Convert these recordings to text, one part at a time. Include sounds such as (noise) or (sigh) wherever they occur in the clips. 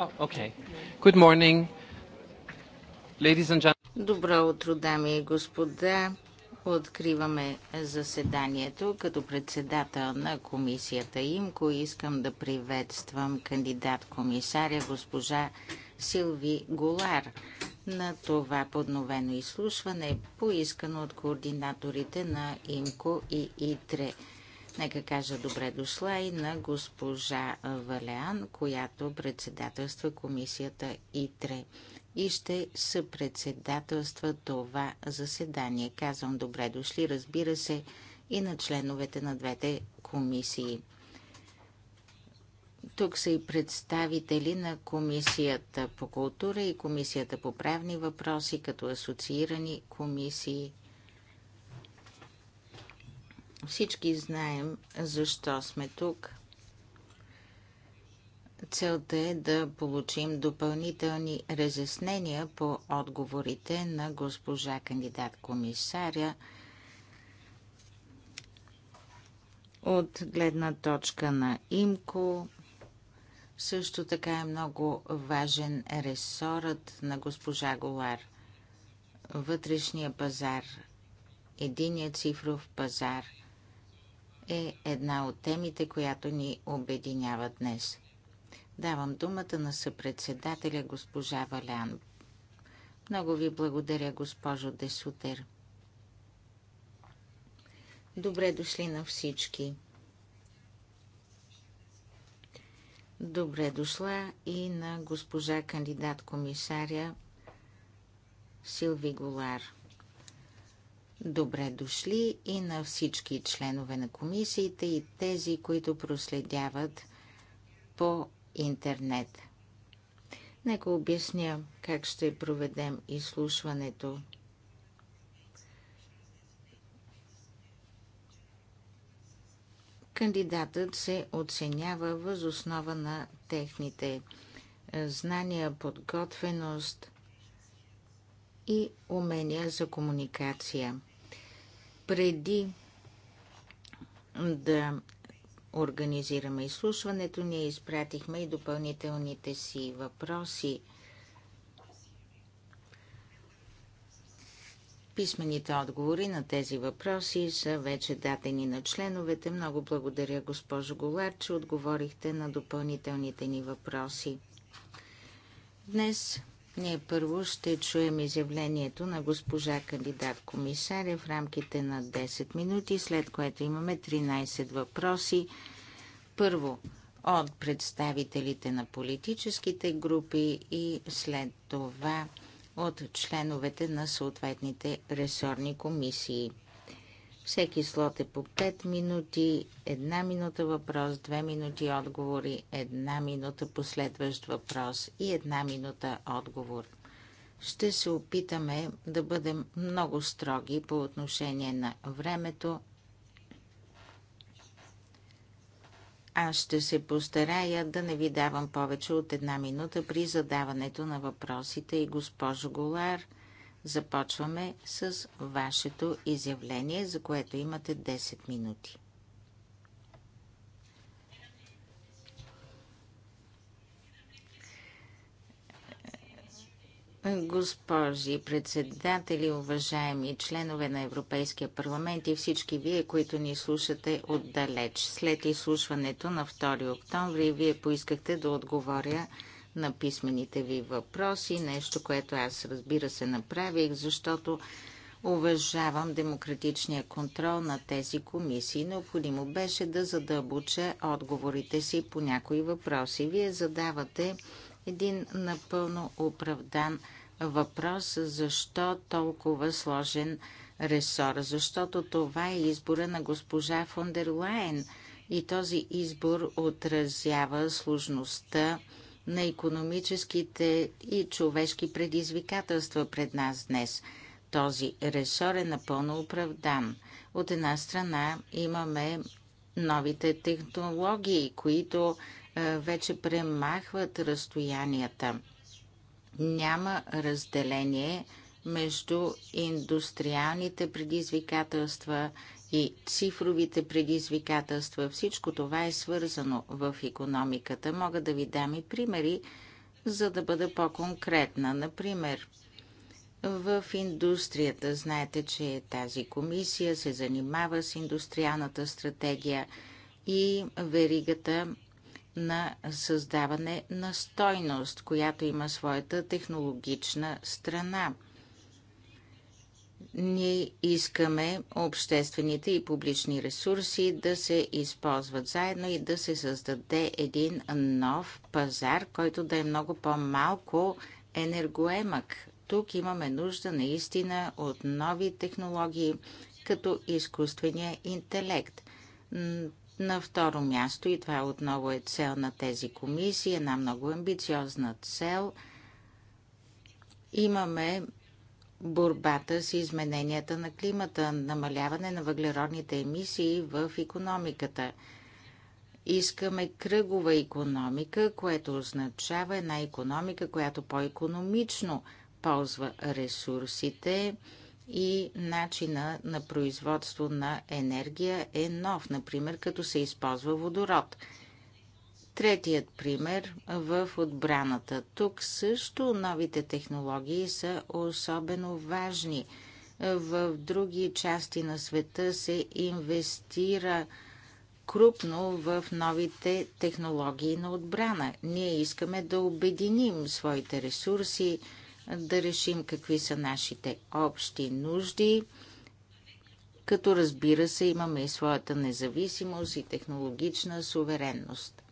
Oh, okay. Good morning, ladies and gentlemen. Добро утро, дами и господа. Откриваме заседанието. Като председател на комисията ИМКО искам да приветствам кандидат-комисаря госпожа Силви Голар на това подновено изслушване, е поискано от координаторите на ИМКО и ИТРЕ. Нека кажа добре дошла и на госпожа Валеан, която председателства комисията ИТРЕ и ще съпредседателства това заседание. Казвам добре дошли, разбира се, и на членовете на двете комисии. Тук са и представители на Комисията по култура и Комисията по правни въпроси, като асоциирани комисии – всички знаем защо сме тук. Целта е да получим допълнителни разяснения по отговорите на госпожа кандидат комисаря от гледна точка на ИМКО. Също така е много важен ресорът на госпожа Голар. Вътрешния пазар, единия цифров пазар – е една от темите, която ни обединява днес. Давам думата на съпредседателя госпожа Валян. Много ви благодаря, госпожо Десутер. Добре дошли на всички. Добре дошла и на госпожа кандидат комисаря Силви Голар. Добре дошли и на всички членове на комисиите и тези, които проследяват по интернет. Нека обясня как ще проведем изслушването. Кандидатът се оценява въз основа на техните е, знания, подготвеност и умения за комуникация. Преди да организираме изслушването, ние изпратихме и допълнителните си въпроси. Писмените отговори на тези въпроси са вече дадени на членовете. Много благодаря, госпожо Голар, че отговорихте на допълнителните ни въпроси. Днес ние първо ще чуем изявлението на госпожа кандидат комисаря в рамките на 10 минути, след което имаме 13 въпроси. Първо от представителите на политическите групи и след това от членовете на съответните ресорни комисии. Всеки слот е по 5 минути, една минута въпрос, 2 минути отговори, една минута последващ въпрос и една минута отговор. Ще се опитаме да бъдем много строги по отношение на времето. Аз ще се постарая да не ви давам повече от една минута при задаването на въпросите и госпожо Голар – Започваме с вашето изявление, за което имате 10 минути. Госпожи, председатели, уважаеми членове на Европейския парламент и всички вие, които ни слушате отдалеч. След изслушването на 2 октомври, вие поискахте да отговоря на писмените ви въпроси, нещо, което аз разбира се направих, защото уважавам демократичния контрол на тези комисии. Необходимо беше да задълбоча отговорите си по някои въпроси. Вие задавате един напълно оправдан въпрос, защо толкова сложен ресор, защото това е избора на госпожа фон дер Лайен и този избор отразява сложността на економическите и човешки предизвикателства пред нас днес. Този ресор е напълно оправдан. От една страна имаме новите технологии, които вече премахват разстоянията. Няма разделение между индустриалните предизвикателства и цифровите предизвикателства. Всичко това е свързано в економиката. Мога да ви дам и примери, за да бъда по-конкретна. Например, в индустрията знаете, че тази комисия се занимава с индустриалната стратегия и веригата на създаване на стойност, която има своята технологична страна – ние искаме обществените и публични ресурси да се използват заедно и да се създаде един нов пазар, който да е много по-малко енергоемък. Тук имаме нужда наистина от нови технологии, като изкуствения интелект. На второ място, и това отново е цел на тези комисии, една много амбициозна цел, имаме борбата с измененията на климата, намаляване на въглеродните емисии в економиката. Искаме кръгова економика, което означава една економика, която по-економично ползва ресурсите и начина на производство на енергия е нов, например като се използва водород – Третият пример в отбраната. Тук също новите технологии са особено важни. В други части на света се инвестира крупно в новите технологии на отбрана. Ние искаме да обединим своите ресурси, да решим какви са нашите общи нужди, като разбира се имаме и своята независимост и технологична суверенност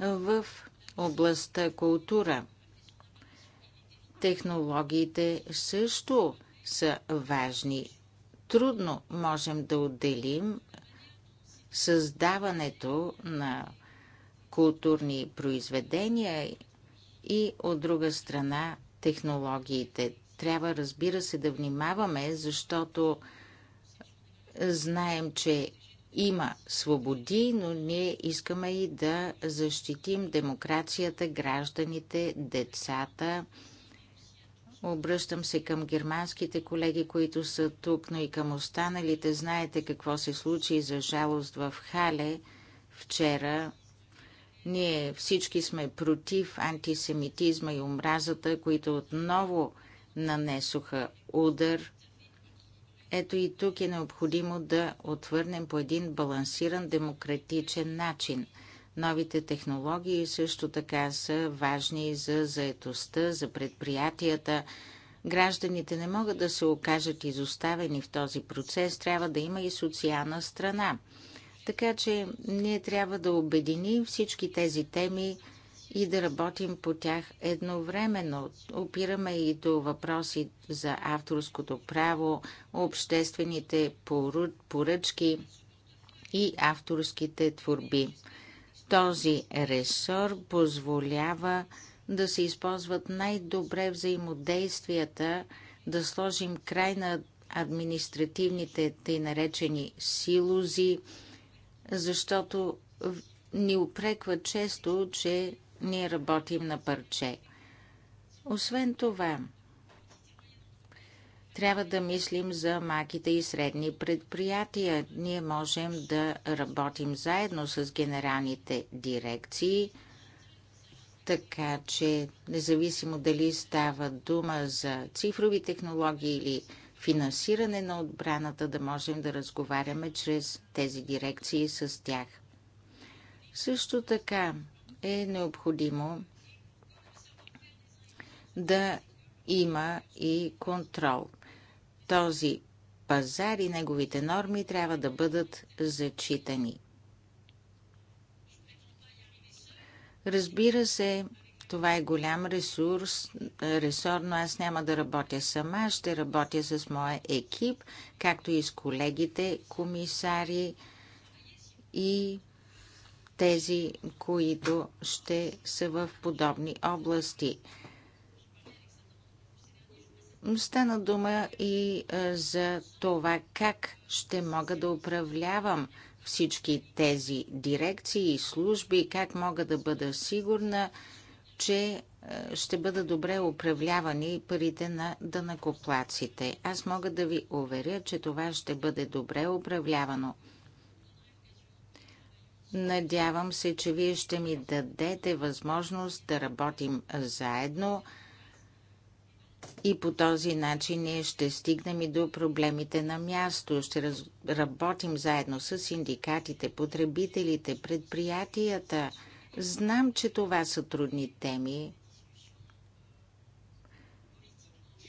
в областта култура. Технологиите също са важни. Трудно можем да отделим създаването на културни произведения и от друга страна технологиите. Трябва, разбира се, да внимаваме, защото знаем, че има свободи, но ние искаме и да защитим демокрацията, гражданите, децата. Обръщам се към германските колеги, които са тук, но и към останалите. Знаете какво се случи за жалост в Хале вчера. Ние всички сме против антисемитизма и омразата, които отново нанесоха удар ето и тук е необходимо да отвърнем по един балансиран демократичен начин. Новите технологии също така са важни за заетостта, за предприятията. Гражданите не могат да се окажат изоставени в този процес, трябва да има и социална страна. Така че ние трябва да обедини всички тези теми и да работим по тях едновременно. Опираме и до въпроси за авторското право, обществените поръчки и авторските творби. Този ресор позволява да се използват най-добре взаимодействията, да сложим край на административните тъй наречени силузи, защото ни упреква често, че ние работим на парче. Освен това, трябва да мислим за маките и средни предприятия. Ние можем да работим заедно с генералните дирекции, така че независимо дали става дума за цифрови технологии или финансиране на отбраната, да можем да разговаряме чрез тези дирекции с тях. Също така, е необходимо да има и контрол. Този пазар и неговите норми трябва да бъдат зачитани. Разбира се, това е голям ресурс, ресор, но аз няма да работя сама, ще работя с моя екип, както и с колегите комисари и тези, които ще са в подобни области. Стана дума и за това как ще мога да управлявам всички тези дирекции и служби, как мога да бъда сигурна, че ще бъда добре управлявани парите на дънакоплаците. Аз мога да ви уверя, че това ще бъде добре управлявано – Надявам се, че вие ще ми дадете възможност да работим заедно и по този начин ние ще стигнем и до проблемите на място. Ще работим заедно с синдикатите, потребителите, предприятията. Знам, че това са трудни теми,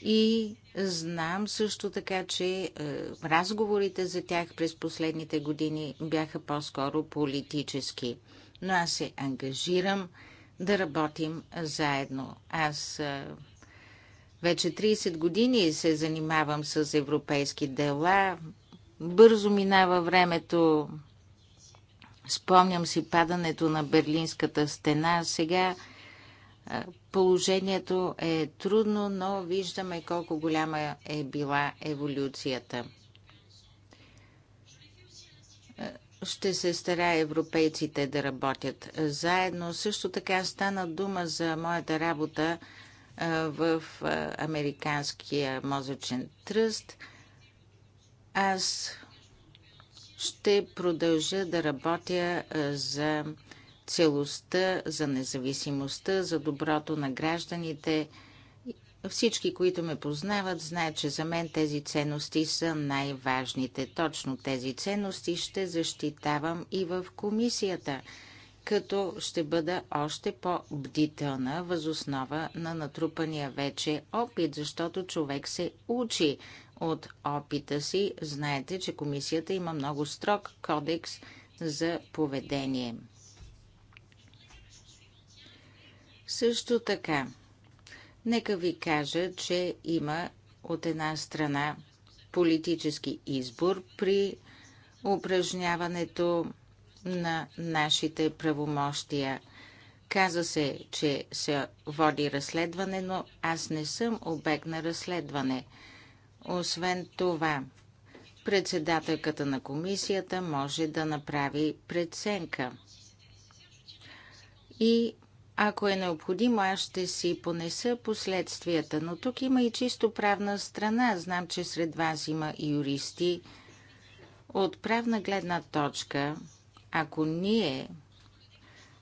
И знам също така, че е, разговорите за тях през последните години бяха по-скоро политически. Но аз се ангажирам да работим заедно. Аз е, вече 30 години се занимавам с европейски дела. Бързо минава времето. Спомням си падането на Берлинската стена. Сега Положението е трудно, но виждаме колко голяма е била еволюцията. Ще се стара европейците да работят заедно. Също така стана дума за моята работа в Американския мозъчен тръст. Аз ще продължа да работя за целостта, за независимостта, за доброто на гражданите. Всички, които ме познават, знаят, че за мен тези ценности са най-важните. Точно тези ценности ще защитавам и в комисията, като ще бъда още по-бдителна възоснова на натрупания вече опит, защото човек се учи от опита си. Знаете, че комисията има много строг кодекс за поведение. Също така, нека ви кажа, че има от една страна политически избор при упражняването на нашите правомощия. Каза се, че се води разследване, но аз не съм обект на разследване. Освен това, председателката на комисията може да направи преценка. И ако е необходимо, аз ще си понеса последствията, но тук има и чисто правна страна. Знам, че сред вас има юристи. От правна гледна точка, ако ние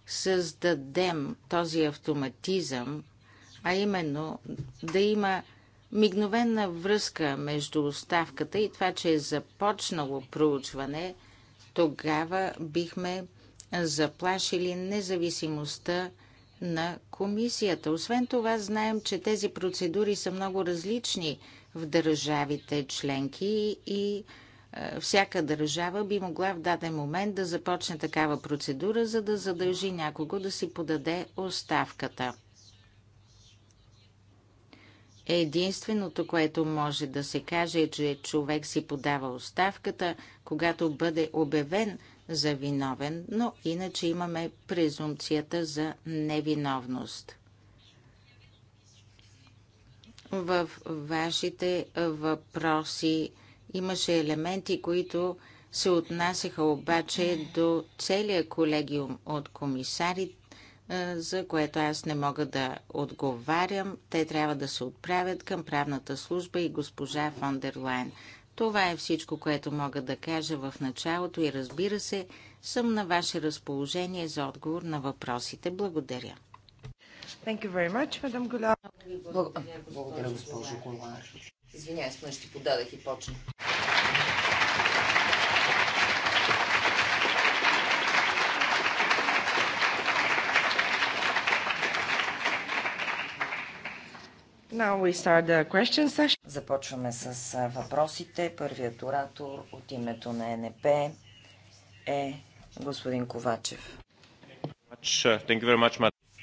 създадем този автоматизъм, а именно да има мигновена връзка между оставката и това, че е започнало проучване, тогава бихме заплашили независимостта на комисията. Освен това, знаем, че тези процедури са много различни в държавите членки и е, всяка държава би могла в даден момент да започне такава процедура, за да задължи някого да си подаде оставката. Единственото, което може да се каже, е, че човек си подава оставката, когато бъде обявен за виновен, но иначе имаме презумпцията за невиновност. В вашите въпроси имаше елементи, които се отнасяха обаче до целия колегиум от комисари, е, за което аз не мога да отговарям. Те трябва да се отправят към правната служба и госпожа Фондерлайн. Това е всичко, което мога да кажа в началото и разбира се, съм на ваше разположение за отговор на въпросите. Благодаря. Thank you very much, мадам Голяр. Благодаря, Благодаря, госпожо Извинявай, ще подадах и почна. Започваме с въпросите. Първият оратор от името на НП е господин Ковачев.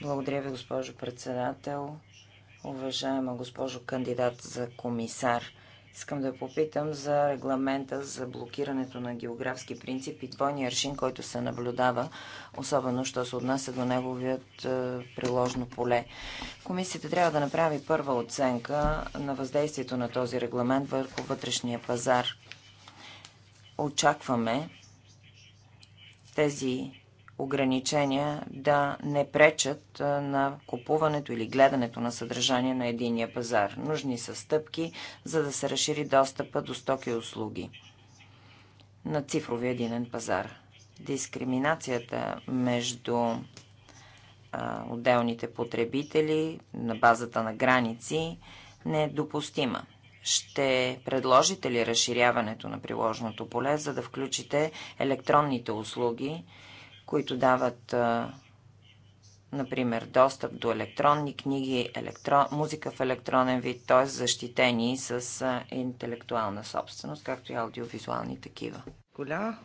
Благодаря ви, госпожо председател. Уважаема госпожо кандидат за комисар. Искам да попитам за регламента за блокирането на географски принцип и двойния аршин, който се наблюдава, особено що се отнася до неговият е, приложно поле. Комисията трябва да направи първа оценка на въздействието на този регламент върху вътрешния пазар. Очакваме тези ограничения да не пречат на купуването или гледането на съдържание на единия пазар. Нужни са стъпки, за да се разшири достъпа до стоки и услуги на цифрови единен пазар. Дискриминацията между а, отделните потребители на базата на граници не е допустима. Ще предложите ли разширяването на приложното поле, за да включите електронните услуги, които дават, например, достъп до електронни книги, електро... музика в електронен вид, т.е. защитени с интелектуална собственост, както и аудиовизуални такива. Коля?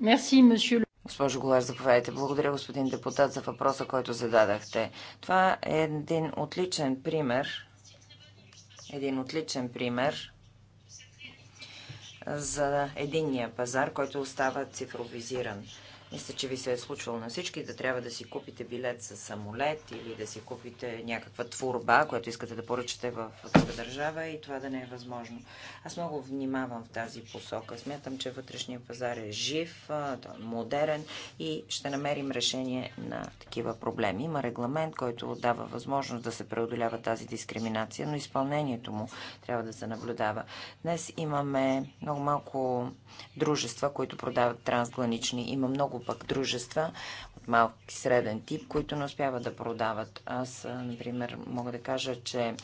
Мерси, месье. Госпожо Голер, заповядайте. Благодаря, господин депутат, за въпроса, който зададахте. Това е един отличен пример, един отличен пример за единния пазар, който остава цифровизиран. Мисля, че ви се е случвало на всички да трябва да си купите билет с самолет или да си купите някаква творба, която искате да поръчате в друга държава и това да не е възможно. Аз много внимавам в тази посока. Смятам, че вътрешния пазар е жив, е модерен и ще намерим решение на такива проблеми. Има регламент, който дава възможност да се преодолява тази дискриминация, но изпълнението му трябва да се наблюдава. Днес имаме много малко дружества, които продават трансгранични. Има много пък дружества от малък и среден тип, които не успяват да продават. Аз, например, мога да кажа, че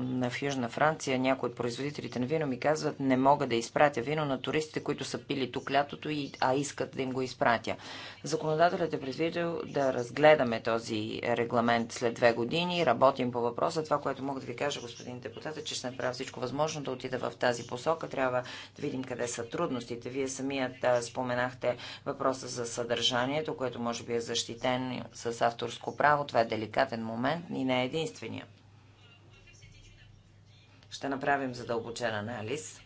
на, в Южна Франция някои от производителите на вино ми казват, не мога да изпратя вино на туристите, които са пили тук лятото, и, а искат да им го изпратя. Законодателят е предвидил да разгледаме този регламент след две години. Работим по въпроса. Това, което мога да ви кажа, господин депутат, е, че ще направя всичко възможно да отида в тази посока. Трябва да видим къде са трудностите. Вие самият да, споменахте въпроса за съдържанието, което може би е защитен с авторско право. Това е деликатен момент и не е единствения. Ще направим задълбочен анализ.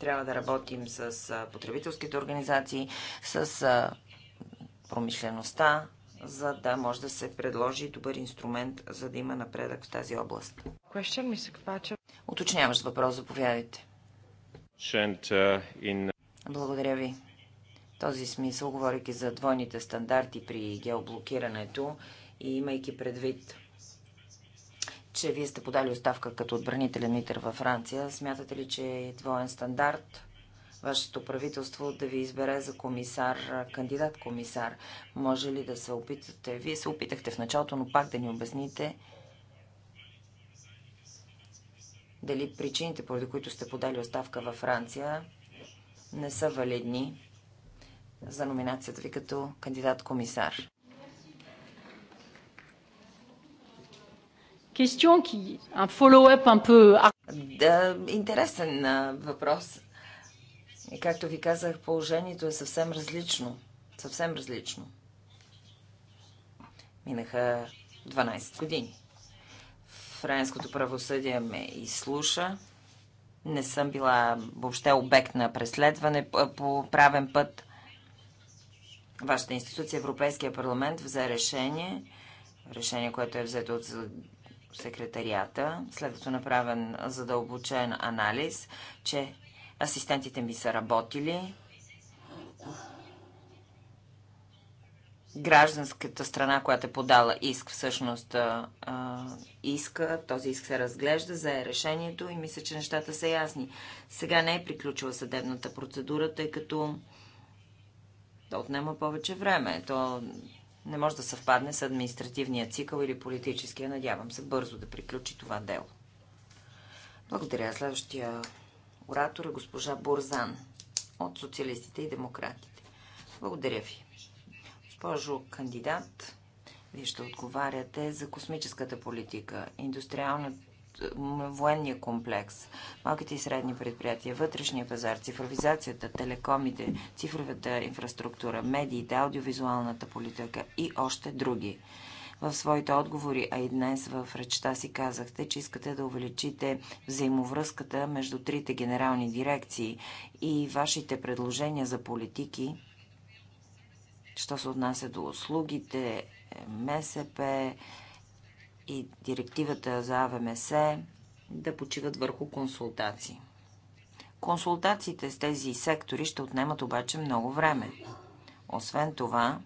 Трябва да работим с потребителските организации, с промишлеността, за да може да се предложи добър инструмент, за да има напредък в тази област. Е Уточняващ въпрос, заповядайте. Благодаря ви. В този смисъл, говоряки за двойните стандарти при геоблокирането и имайки предвид че вие сте подали оставка като отбранителен митър във Франция. Смятате ли, че е двоен стандарт вашето правителство да ви избере за комисар, кандидат-комисар? Може ли да се опитате? Вие се опитахте в началото, но пак да ни обясните дали причините, поради които сте подали оставка във Франция, не са валидни за номинацията ви като кандидат-комисар. question qui, un follow-up un peu... интересен въпрос. И както ви казах, положението е съвсем различно. Съвсем различно. Минаха 12 години. Френското правосъдие ме изслуша. Не съм била въобще обект на преследване по правен път. Вашата институция, Европейския парламент, взе решение, решение, което е взето от секретарията, след като направен задълбочен анализ, че асистентите ми са работили, гражданската страна, която е подала иск, всъщност а, иска, този иск се разглежда, зае решението и мисля, че нещата са ясни. Сега не е приключила съдебната процедура, тъй като да отнема повече време. То не може да съвпадне с административния цикъл или политическия. Надявам се бързо да приключи това дело. Благодаря. Следващия оратор е госпожа Борзан от Социалистите и Демократите. Благодаря ви. Госпожо кандидат, вие ще отговаряте за космическата политика, индустриалната военния комплекс, малките и средни предприятия, вътрешния пазар, цифровизацията, телекомите, цифровата инфраструктура, медиите, аудиовизуалната политика и още други. В своите отговори, а и днес в речта си казахте, че искате да увеличите взаимовръзката между трите генерални дирекции и вашите предложения за политики, що се отнася до услугите, МСП, и директивата за АВМС да почиват върху консултации. Консултациите с тези сектори ще отнемат обаче много време. Освен това,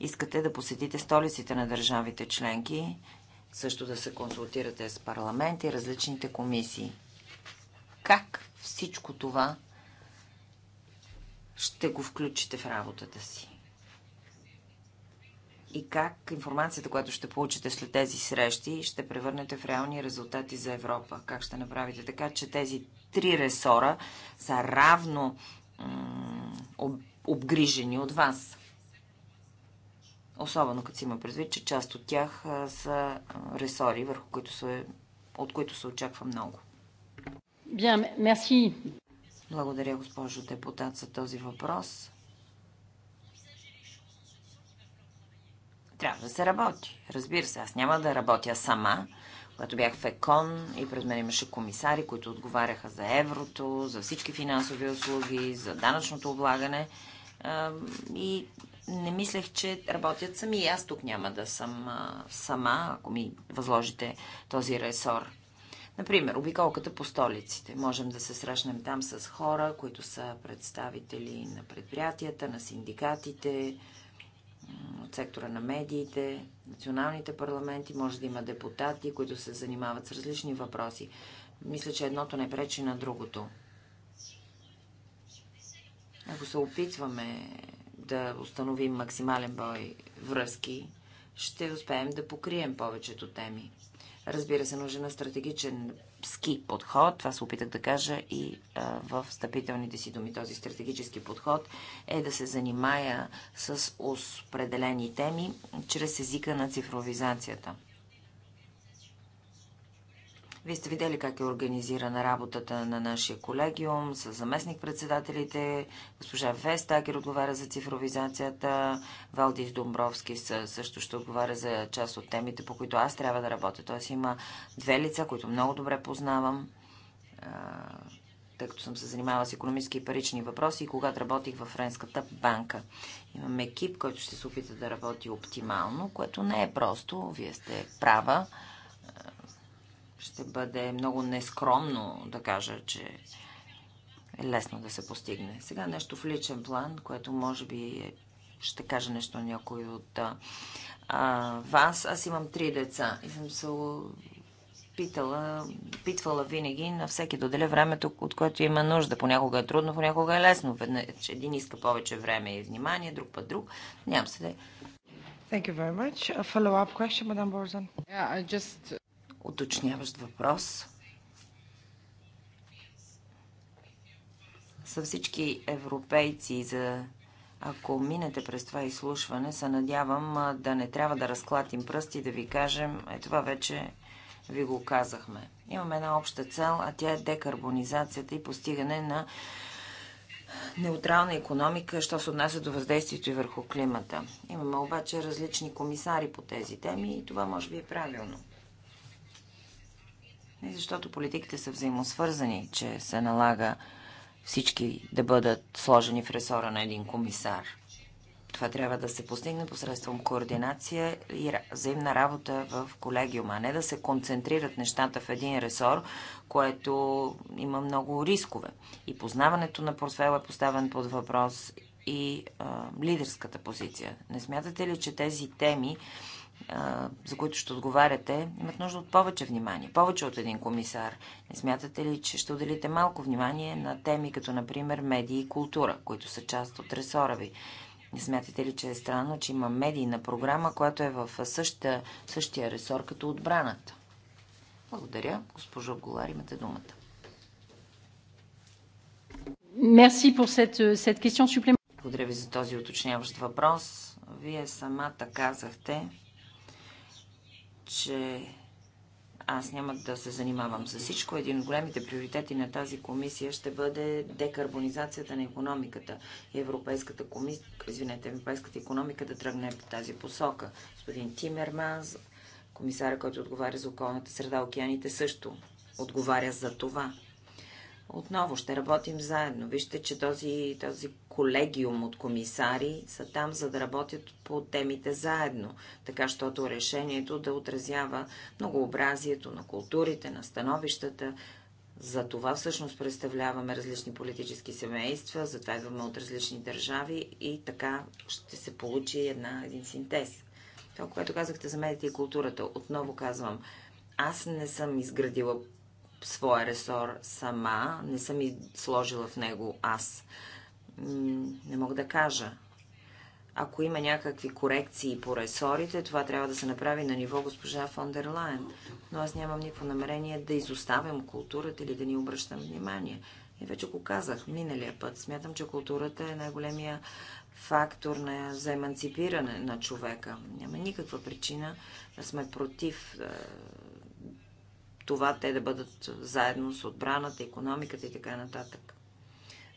искате да посетите столиците на държавите членки, също да се консултирате с парламент и различните комисии. Как всичко това ще го включите в работата си? и как информацията, която ще получите след тези срещи, ще превърнете в реални резултати за Европа? Как ще направите така, че тези три ресора са равно об обгрижени от вас? Особено като си има предвид, че част от тях са ресори, върху които се, от които се очаква много. Bien, merci. Благодаря, госпожо депутат, за този въпрос. Трябва да се работи. Разбира се, аз няма да работя сама. Когато бях в ЕКОН и пред мен имаше комисари, които отговаряха за еврото, за всички финансови услуги, за данъчното облагане. И не мислех, че работят сами. И аз тук няма да съм сама, ако ми възложите този ресор. Например, обиколката по столиците. Можем да се срещнем там с хора, които са представители на предприятията, на синдикатите, от сектора на медиите, националните парламенти, може да има депутати, които се занимават с различни въпроси. Мисля, че едното не пречи на другото. Ако се опитваме да установим максимален бой връзки, ще успеем да покрием повечето теми. Разбира се, нужен е стратегичен ски подход. Това се опитах да кажа и в встъпителните си думи. Този стратегически подход е да се занимая с определени теми чрез езика на цифровизацията. Вие сте видели как е организирана работата на нашия колегиум с заместник-председателите. Госпожа Вестагер отговаря за цифровизацията. Валдис Домбровски също ще отговаря за част от темите, по които аз трябва да работя. Тоест има две лица, които много добре познавам тъй като съм се занимавала с економически и парични въпроси и когато работих във Френската банка. Имам екип, който ще се опита да работи оптимално, което не е просто. Вие сте права ще бъде много нескромно да кажа, че е лесно да се постигне. Сега нещо в личен план, което може би е- ще кажа нещо някой от а, вас. Аз имам три деца и съм се питала, питвала винаги на всеки да отделя времето, от което има нужда. Понякога е трудно, понякога е лесно. Веднъж един иска повече време и внимание, друг път друг. Нямам се да... Thank you very much. A follow-up question, Madame Borzan. Yeah, I just уточняващ въпрос. За всички европейци, за ако минете през това изслушване, се надявам да не трябва да разклатим пръсти, да ви кажем, е това вече ви го казахме. Имаме една обща цел, а тя е декарбонизацията и постигане на неутрална економика, що се отнася до въздействието и върху климата. Имаме обаче различни комисари по тези теми и това може би е правилно. И защото политиките са взаимосвързани, че се налага всички да бъдат сложени в ресора на един комисар. Това трябва да се постигне посредством координация и взаимна работа в колегиума, а не да се концентрират нещата в един ресор, което има много рискове. И познаването на портфел е поставен под въпрос и а, лидерската позиция. Не смятате ли, че тези теми за които ще отговаряте, имат нужда от повече внимание, повече от един комисар. Не смятате ли, че ще отделите малко внимание на теми, като например медии и култура, които са част от ресора ви? Не смятате ли, че е странно, че има медийна програма, която е в същия, същия ресор като отбраната? Благодаря. Госпожо Голар, имате думата. Благодаря ви за този уточняващ въпрос. Вие самата казахте, че аз няма да се занимавам с за всичко. Един от големите приоритети на тази комисия ще бъде декарбонизацията на економиката Европейската, комисия, Извинете, Европейската економика да тръгне по тази посока. Господин Тимерманс, комисаря, който отговаря за околната среда, океаните също отговаря за това. Отново ще работим заедно. Вижте, че този, този колегиум от комисари са там, за да работят по темите заедно, така щото решението да отразява многообразието на културите, на становищата. За това всъщност представляваме различни политически семейства, затова идваме от различни държави и така ще се получи една, един синтез. Това, което казахте за медиите и културата, отново казвам, аз не съм изградила своя ресор сама, не съм и сложила в него аз не мога да кажа. Ако има някакви корекции по ресорите, това трябва да се направи на ниво госпожа фон дер Но аз нямам никакво намерение да изоставям културата или да ни обръщам внимание. И вече го казах миналия път. Смятам, че културата е най-големия фактор на, за еманципиране на човека. Няма никаква причина да сме против е, това те да бъдат заедно с отбраната, економиката и така нататък.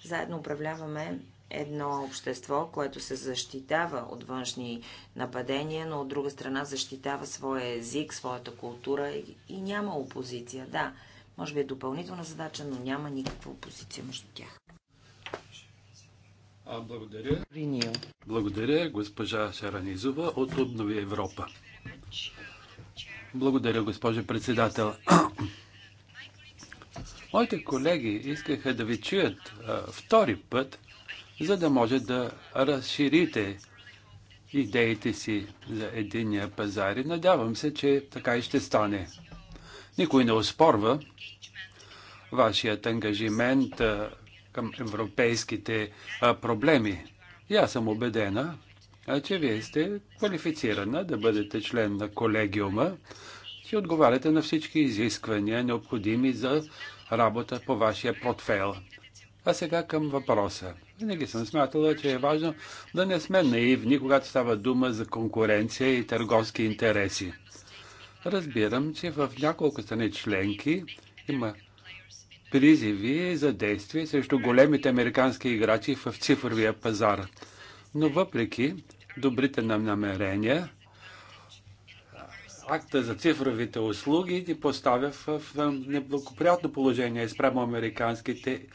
Заедно управляваме едно общество, което се защитава от външни нападения, но от друга страна защитава своя език, своята култура и няма опозиция. Да, може би е допълнителна задача, но няма никаква опозиция между тях. А, благодаря. Ринио. Благодаря, госпожа Шаранизова от Обнови Европа. Благодаря, госпожо председател. Моите колеги искаха да ви чуят а, втори път, за да може да разширите идеите си за единия пазар и надявам се, че така и ще стане. Никой не успорва вашият ангажимент а, към европейските а, проблеми. И аз съм убедена, а, че вие сте квалифицирана да бъдете член на колегиума, и отговаряте на всички изисквания, необходими за работа по вашия портфел. А сега към въпроса. Винаги съм смятала, че е важно да не сме наивни, когато става дума за конкуренция и търговски интереси. Разбирам, че в няколко страни членки има призиви за действие срещу големите американски играчи в цифровия пазар. Но въпреки добрите нам намерения, акта за цифровите услуги ни поставя в неблагоприятно положение спрямо американските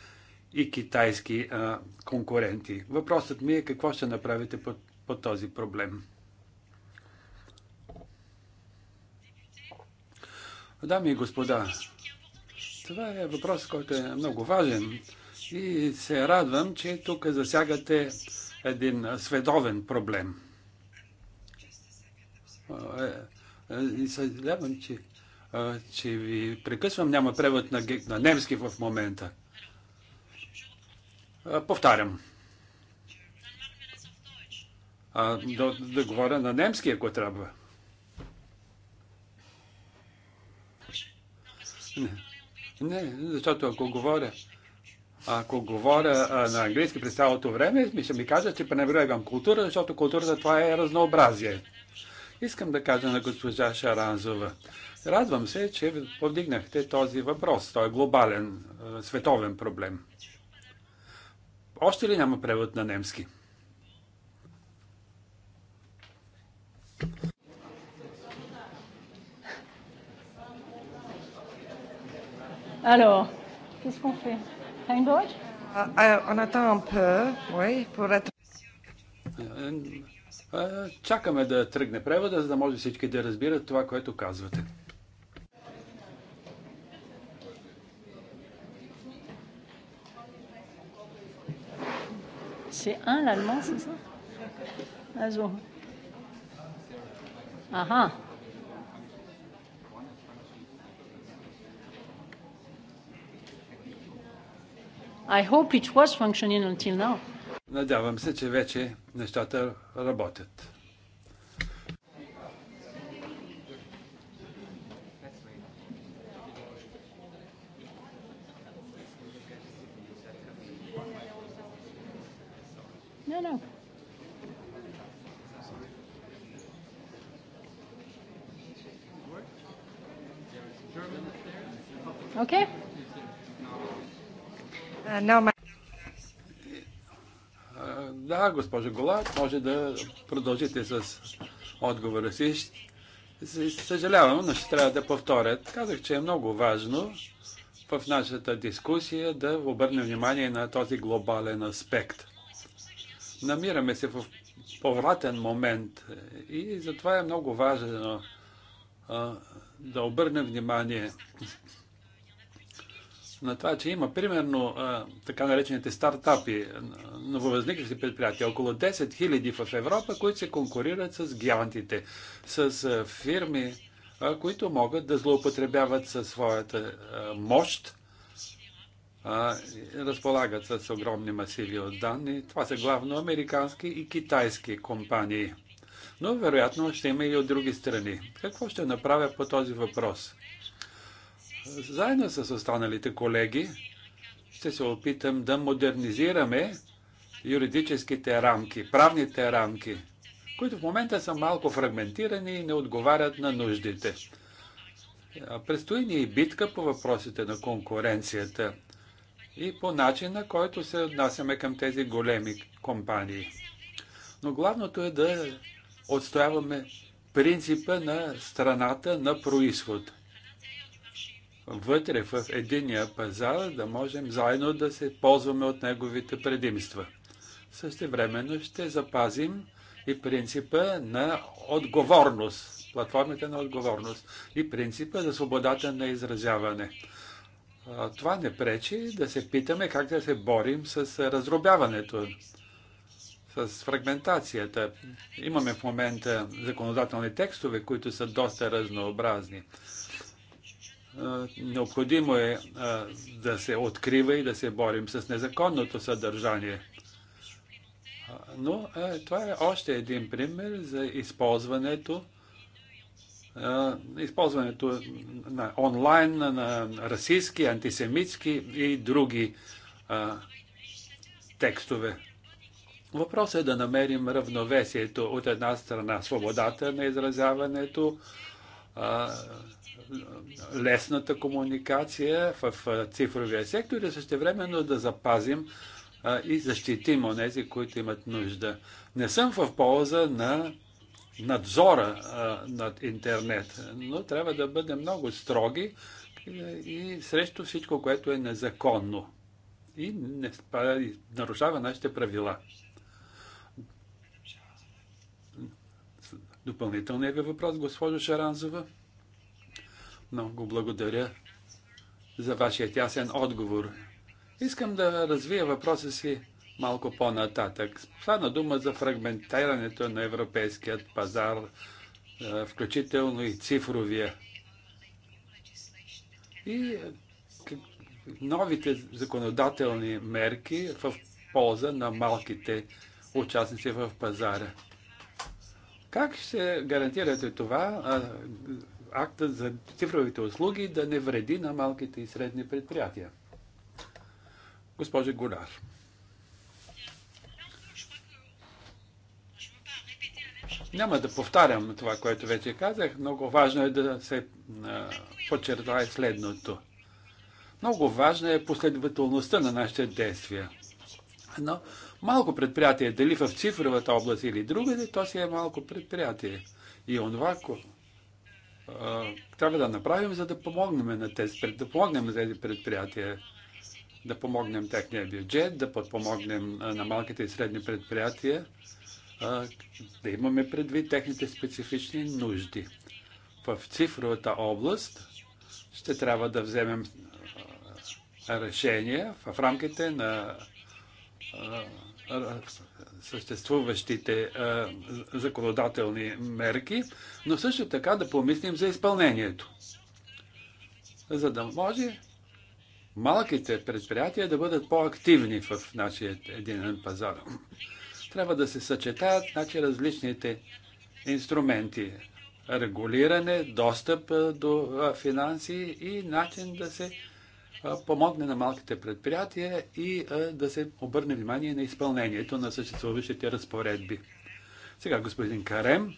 и китайски а, конкуренти. Въпросът ми е какво ще направите по, по този проблем. Дами и господа, това е въпрос, който е много важен и се радвам, че тук засягате един световен проблем. Е, е, и съжалявам, че, че ви прекъсвам. Няма превод на, на немски в момента. Повтарям. А, да, да говоря на немски, ако трябва. Не, не защото ако говоря, ако говоря а, на английски през цялото време, ми ще ми кажа, че пренебрегвам култура, защото културата това е разнообразие. Искам да кажа на госпожа Шаранзова. Радвам се, че повдигнахте този въпрос. Той е глобален, е, световен проблем. Още ли няма превод на немски? Alors, какво ce qu'on fait Hangouch On euh, attend un peu, oui, pour être... Euh, Чакаме да тръгне превода, за да може всички да разбират това, което казвате. C'est un l'allemand, c'est ça Raison. Ah ah. I hope it was functioning until now. Надявам се, че вече нещата работят. No, no. Okay. Uh, no, my да, госпожо Гола, може да продължите с отговора си. Съжалявам, но ще трябва да повторя. Казах, че е много важно в нашата дискусия да обърнем внимание на този глобален аспект. Намираме се в повратен момент и затова е много важно а, да обърнем внимание на това, че има примерно така наречените стартапи, нововъзникващи предприятия, около 10 000 в Европа, които се конкурират с гиантите, с фирми, които могат да злоупотребяват със своята мощ, разполагат с огромни масиви от данни. Това са главно американски и китайски компании. Но вероятно ще има и от други страни. Какво ще направя по този въпрос? заедно с останалите колеги ще се опитам да модернизираме юридическите рамки, правните рамки, които в момента са малко фрагментирани и не отговарят на нуждите. Предстои ни и битка по въпросите на конкуренцията и по начина, който се отнасяме към тези големи компании. Но главното е да отстояваме принципа на страната на происход вътре в единия пазар, да можем заедно да се ползваме от неговите предимства. Също времено ще запазим и принципа на отговорност, платформите на отговорност и принципа за свободата на изразяване. Това не пречи да се питаме как да се борим с разробяването, с фрагментацията. Имаме в момента законодателни текстове, които са доста разнообразни. Необходимо е да се открива и да се борим с незаконното съдържание. Но е, това е още един пример за използването използването на онлайн на расистски, антисемитски и други а, текстове. Въпросът е да намерим равновесието от една страна свободата на изразяването, а, лесната комуникация в цифровия сектор и същевременно да запазим и защитим онези, които имат нужда. Не съм в полза на надзора над интернет, но трябва да бъдем много строги и срещу всичко, което е незаконно и не нарушава нашите правила. Допълнителният ви въпрос, госпожо Шаранзова? Много благодаря за вашия тясен отговор. Искам да развия въпроса си малко по-нататък. Стана дума за фрагментирането на европейският пазар, е, включително и цифровия. И е, новите законодателни мерки в полза на малките участници в пазара. Как ще гарантирате това е, акта за цифровите услуги да не вреди на малките и средни предприятия. Госпожа Голяр. Няма да повтарям това, което вече казах. Много важно е да се подчертае следното. Много важна е последователността на нашите действия. Но малко предприятие, дали в цифровата област или другаде, то си е малко предприятие. И онова, трябва да направим, за да помогнем на тези, да помогнем на тези предприятия, да помогнем техния бюджет, да подпомогнем на малките и средни предприятия, да имаме предвид техните специфични нужди. В цифровата област ще трябва да вземем решения в рамките на съществуващите а, законодателни мерки, но също така да помислим за изпълнението, за да може малките предприятия да бъдат по-активни в нашия единен пазар. Трябва да се съчетаят значи, различните инструменти регулиране, достъп до финанси и начин да се помогне на малките предприятия и да се обърне внимание на изпълнението на съществуващите разпоредби. Сега господин Карем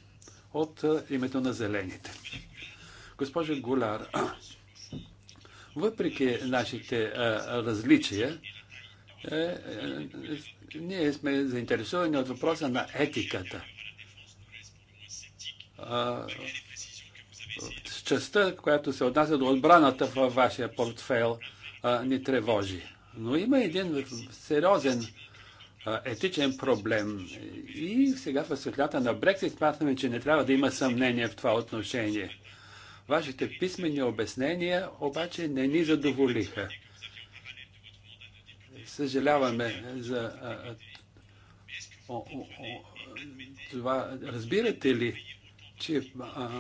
от името на Зелените. Госпожа Голяр, (clears throat) въпреки нашите различия, е, е, ние сме заинтересовани от въпроса на етиката частта, която се отнася до отбраната във вашия портфейл, а, ни тревожи. Но има един сериозен а, етичен проблем. И сега в светлята на Брексит смятаме, че не трябва да има съмнение в това отношение. Вашите писмени обяснения обаче не ни задоволиха. Съжаляваме за а, о, о, о, това. Разбирате ли, че а,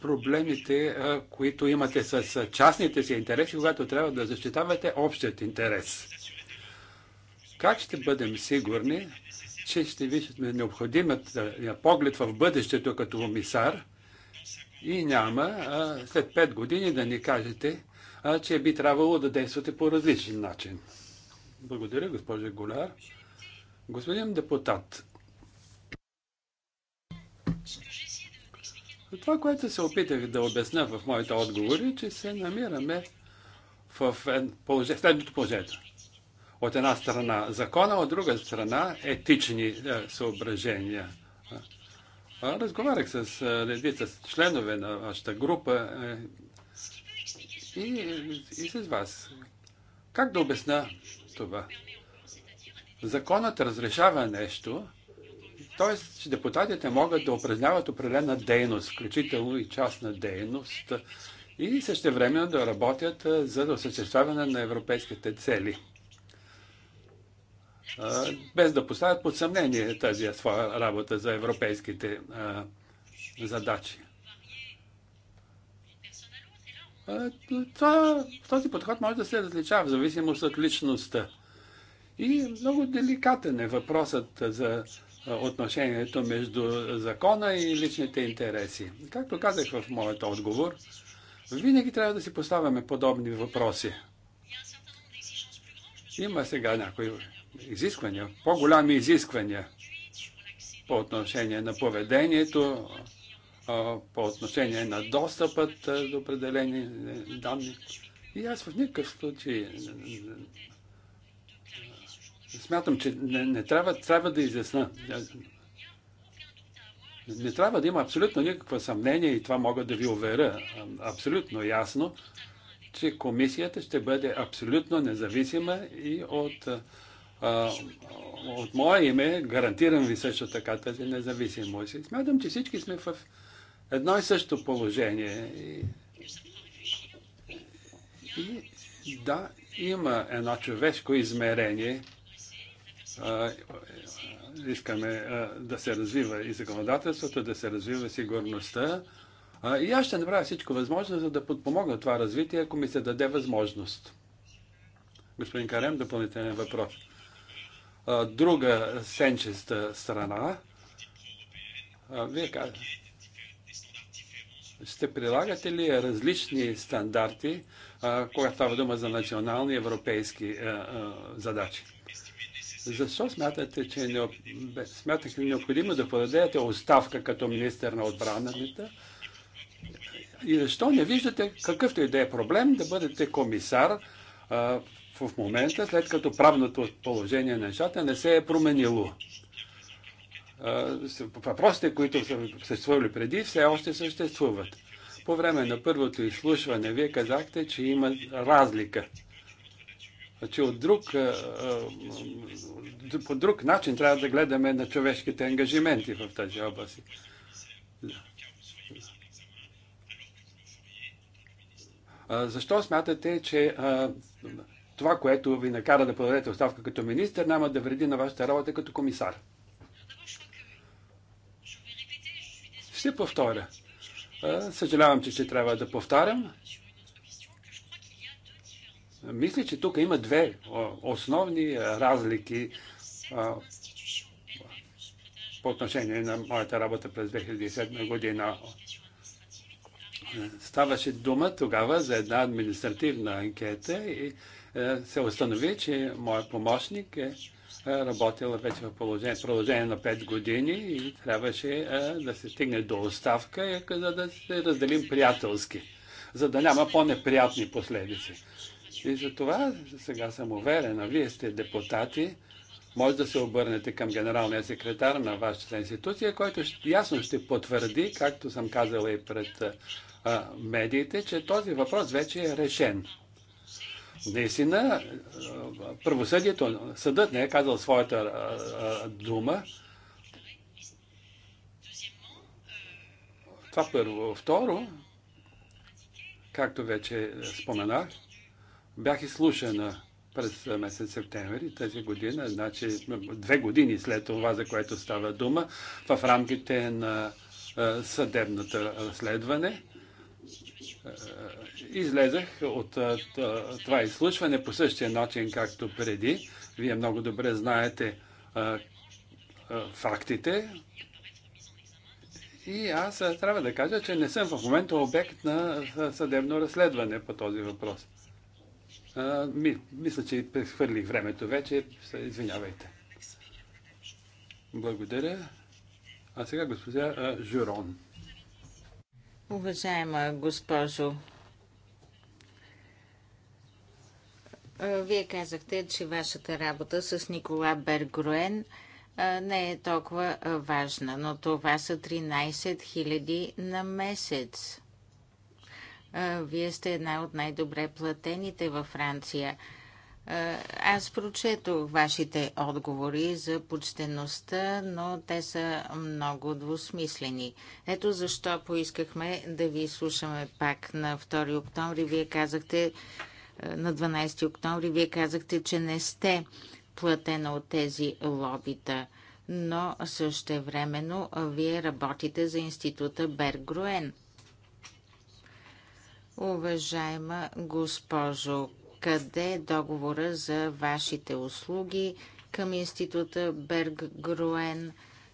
проблемите, които имате с частните си интереси, когато трябва да защитавате общият интерес. Как ще бъдем сигурни, че ще виждаме необходимът поглед в бъдещето като комисар и няма след 5 години да ни кажете, че би трябвало да действате по различен начин? Благодаря, госпожа Голяр. Господин депутат, Това, което се опитах да обясня в моите отговори, е, че се намираме в положение, следното положение. От една страна закона, от друга страна етични е, съображения. Разговарях с е, редица членове на вашата група и, и с вас. Как да обясна това? Законът разрешава нещо, Тоест, че депутатите могат да упражняват определена дейност, включително и частна дейност, и време да работят за да осъществяване на европейските цели. Без да поставят под съмнение тази своя работа за европейските задачи. Това, този подход може да се различава в зависимост от личността. И много деликатен е въпросът за отношението между закона и личните интереси. Както казах в моят отговор, винаги трябва да си поставяме подобни въпроси. Има сега някои изисквания, по-голями изисквания по отношение на поведението, по отношение на достъпът до определени данни. И аз в никакъв случай Смятам, че не, не трябва, трябва да изясна. Не трябва да има абсолютно никаква съмнение и това мога да ви уверя абсолютно ясно, че комисията ще бъде абсолютно независима и от, от мое име гарантирам ви също така тази независимост. смятам, че всички сме в едно и също положение. И, и да, има едно човешко измерение – е, искаме да се развива и законодателството, да се развива сигурността. И аз ще направя всичко възможно, за да подпомогна това развитие, ако ми се даде възможност. Господин Карем, допълнителен въпрос. Друга сенчеста страна, вие казвате, ще прилагате ли различни стандарти, когато става дума за национални европейски задачи? Защо смятате, че е не, смятате необходимо да подадете оставка като министър на отбраната? И защо не виждате какъвто и да е проблем да бъдете комисар а, в момента, след като правното положение на нещата не се е променило? А, въпросите, които са съществували преди, все още съществуват. По време на първото изслушване вие казахте, че има разлика че значи, от друг, е, е, по друг начин трябва да гледаме на човешките ангажименти в тази област. Защо смятате, че това, което ви накара да подадете оставка като министр, няма да вреди на вашата работа като комисар? Ще повторя. Съжалявам, че ще трябва да повтарям. Мисля, че тук има две основни разлики по отношение на моята работа през 2007 година. Ставаше дума тогава за една административна анкета и е, се установи, че моят помощник е, е работил вече в положение, продължение на 5 години и трябваше е, да се стигне до оставка, за да се разделим приятелски, за да няма по-неприятни последици. И за това сега съм уверен, а вие сте депутати, може да се обърнете към генералния секретар на вашата институция, който ясно ще потвърди, както съм казал и пред а, медиите, че този въпрос вече е решен. Наистина, правосъдието, съдът не е казал своята а, а, дума. Това първо. Второ, както вече споменах, Бях изслушана през месец септември тази година, значи две години след това, за което става дума, в рамките на съдебната разследване. Излезах от това изслушване по същия начин, както преди. Вие много добре знаете фактите. И аз трябва да кажа, че не съм в момента обект на съдебно разследване по този въпрос. А, ми, мисля, че прехвърлих времето вече. Извинявайте. Благодаря. А сега госпожа а, Журон. Уважаема госпожо, вие казахте, че вашата работа с Никола Бергруен не е толкова важна, но това са 13 000 на месец. Вие сте една от най-добре платените във Франция. Аз прочетох вашите отговори за почтеността, но те са много двусмислени. Ето защо поискахме да ви слушаме пак на 2 октомври. Вие казахте, на 12 октомври, вие казахте, че не сте платена от тези лобита, но също времено вие работите за института Бергруен – Уважаема госпожо, къде е договора за вашите услуги към института Берг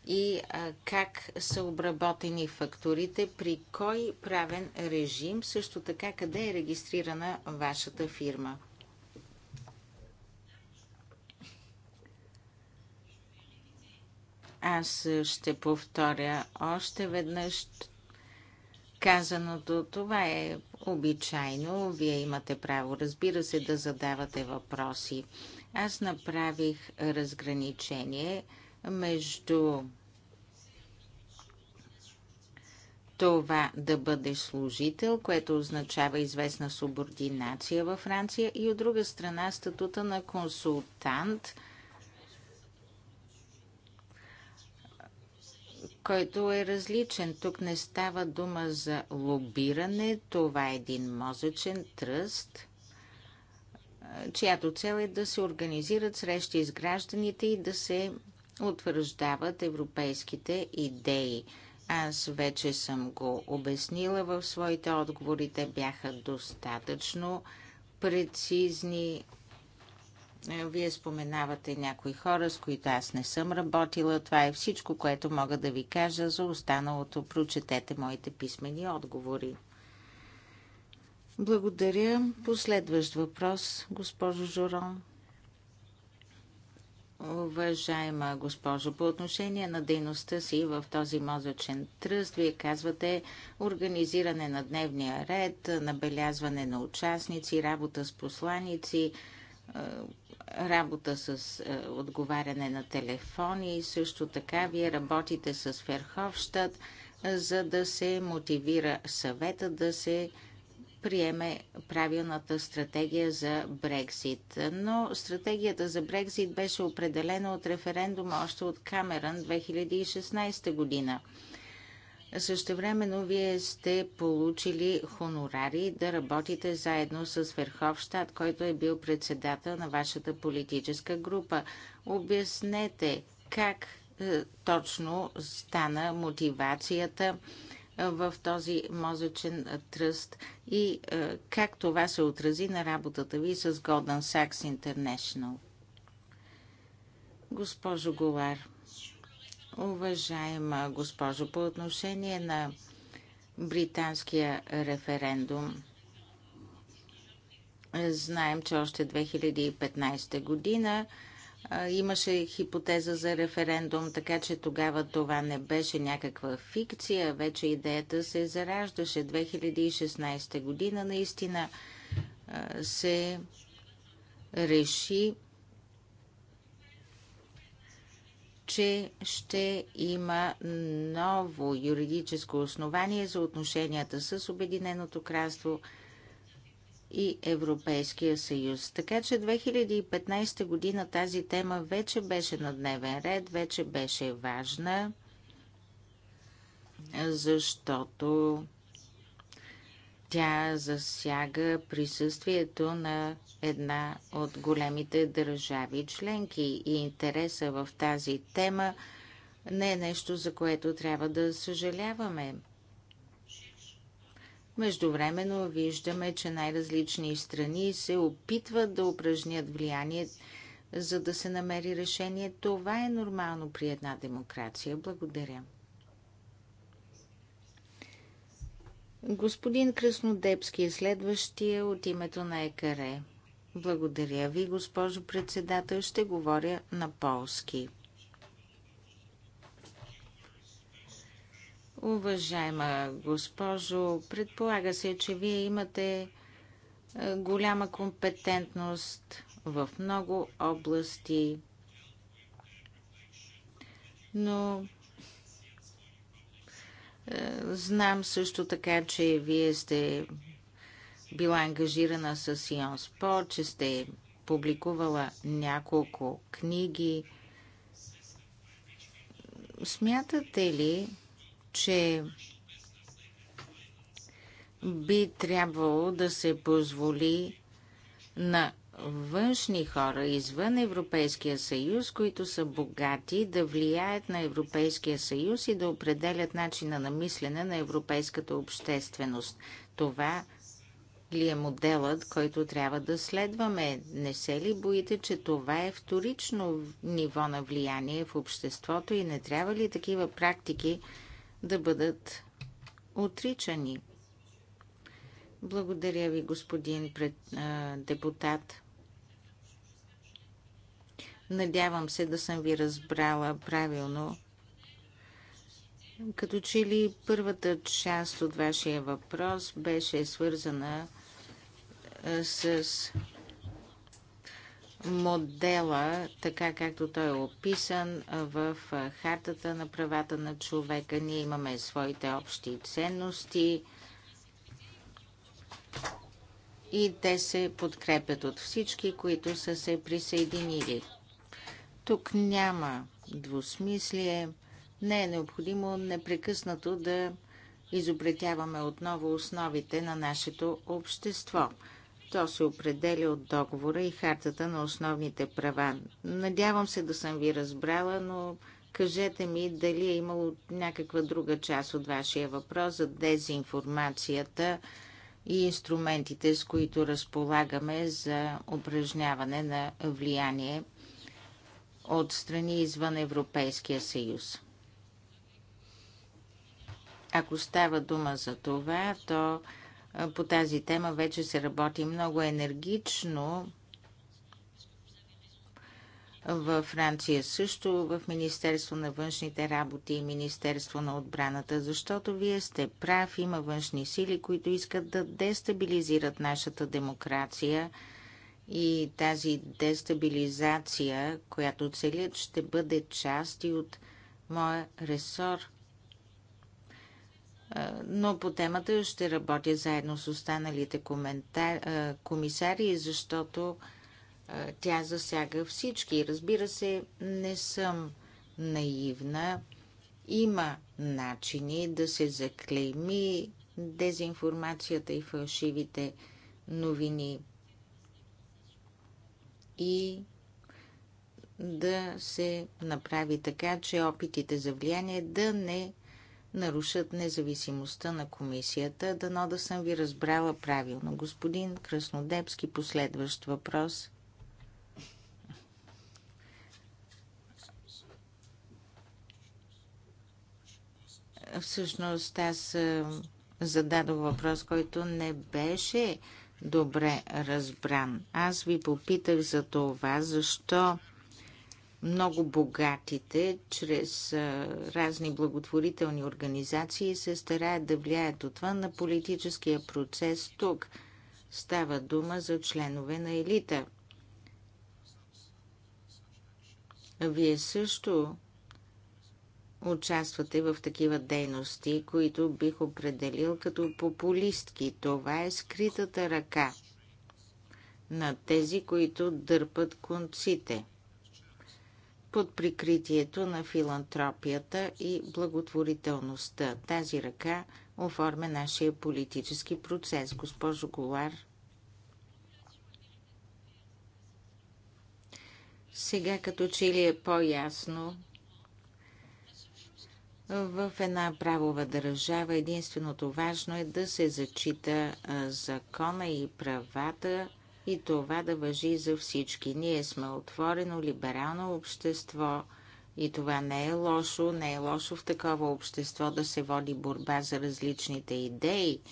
и как са обработени фактурите, при кой правен режим, също така къде е регистрирана вашата фирма? Аз ще повторя още веднъж казаното. Това е Обичайно вие имате право, разбира се, да задавате въпроси. Аз направих разграничение между това да бъде служител, което означава известна субординация във Франция и от друга страна статута на консултант – който е различен. Тук не става дума за лобиране, това е един мозъчен тръст, чиято цел е да се организират срещи с гражданите и да се утвърждават европейските идеи. Аз вече съм го обяснила в своите отговорите, бяха достатъчно прецизни. Е, вие споменавате някои хора, с които аз не съм работила. Това е всичко, което мога да ви кажа. За останалото прочетете моите писмени отговори. Благодаря. Последващ въпрос, госпожо Жорон. Уважаема госпожо, по отношение на дейността си в този мозъчен тръст, вие казвате организиране на дневния ред, набелязване на участници, работа с посланици – е, работа с е, отговаряне на телефони. Също така вие работите с Ферховщад, е, за да се мотивира съвета да се приеме правилната стратегия за Брексит. Но стратегията за Брексит беше определена от референдума още от Камерън 2016 година времено вие сте получили хонорари да работите заедно с Верховщад, който е бил председател на вашата политическа група. Обяснете как е, точно стана мотивацията е, в този мозъчен тръст и е, как това се отрази на работата ви с Golden Sachs International. Госпожо Голар, Уважаема госпожо, по отношение на британския референдум, знаем, че още 2015 година имаше хипотеза за референдум, така че тогава това не беше някаква фикция, вече идеята се зараждаше. 2016 година наистина се реши че ще има ново юридическо основание за отношенията с Обединеното кралство и Европейския съюз. Така че 2015 година тази тема вече беше на дневен ред, вече беше важна, защото тя засяга присъствието на една от големите държави членки и интереса в тази тема не е нещо, за което трябва да съжаляваме. Междувременно виждаме, че най-различни страни се опитват да упражнят влияние, за да се намери решение. Това е нормално при една демокрация. Благодаря. Господин Краснодепски е следващия от името на ЕКАРЕ. Благодаря ви, госпожо председател. Ще говоря на полски. Уважаема госпожо, предполага се, че вие имате е, голяма компетентност в много области, но Знам също така, че вие сте била ангажирана с Ион Спо, че сте публикувала няколко книги. Смятате ли, че би трябвало да се позволи на външни хора извън Европейския съюз, които са богати, да влияят на Европейския съюз и да определят начина на мислене на европейската общественост. Това ли е моделът, който трябва да следваме? Не се ли боите, че това е вторично ниво на влияние в обществото и не трябва ли такива практики да бъдат отричани? Благодаря ви, господин пред, а, депутат. Надявам се да съм ви разбрала правилно. Като че ли първата част от вашия въпрос беше свързана с модела, така както той е описан в Хартата на правата на човека. Ние имаме своите общи ценности и те се подкрепят от всички, които са се присъединили. Тук няма двусмислие, не е необходимо непрекъснато да изобретяваме отново основите на нашето общество. То се определя от договора и хартата на основните права. Надявам се да съм ви разбрала, но кажете ми дали е имало някаква друга част от вашия въпрос за дезинформацията и инструментите, с които разполагаме за упражняване на влияние от страни извън Европейския съюз. Ако става дума за това, то по тази тема вече се работи много енергично. Във Франция също, в Министерство на външните работи и Министерство на отбраната, защото вие сте прав, има външни сили, които искат да дестабилизират нашата демокрация – и тази дестабилизация, която целят, ще бъде част и от моя ресор. Но по темата ще работя заедно с останалите комисари, защото тя засяга всички. Разбира се, не съм наивна. Има начини да се заклейми дезинформацията и фалшивите новини и да се направи така, че опитите за влияние да не нарушат независимостта на комисията. Дано да съм ви разбрала правилно. Господин Краснодепски, последващ въпрос. Всъщност аз зададох въпрос, който не беше добре разбран. Аз ви попитах за това, защо много богатите, чрез а, разни благотворителни организации, се стараят да влияят отвън на политическия процес тук. Става дума за членове на елита. Вие също участвате в такива дейности, които бих определил като популистки. Това е скритата ръка на тези, които дърпат конците под прикритието на филантропията и благотворителността. Тази ръка оформя нашия политически процес. Госпожо Голар, сега като че ли е по-ясно в една правова държава единственото важно е да се зачита закона и правата и това да въжи за всички. Ние сме отворено либерално общество и това не е лошо. Не е лошо в такова общество да се води борба за различните идеи –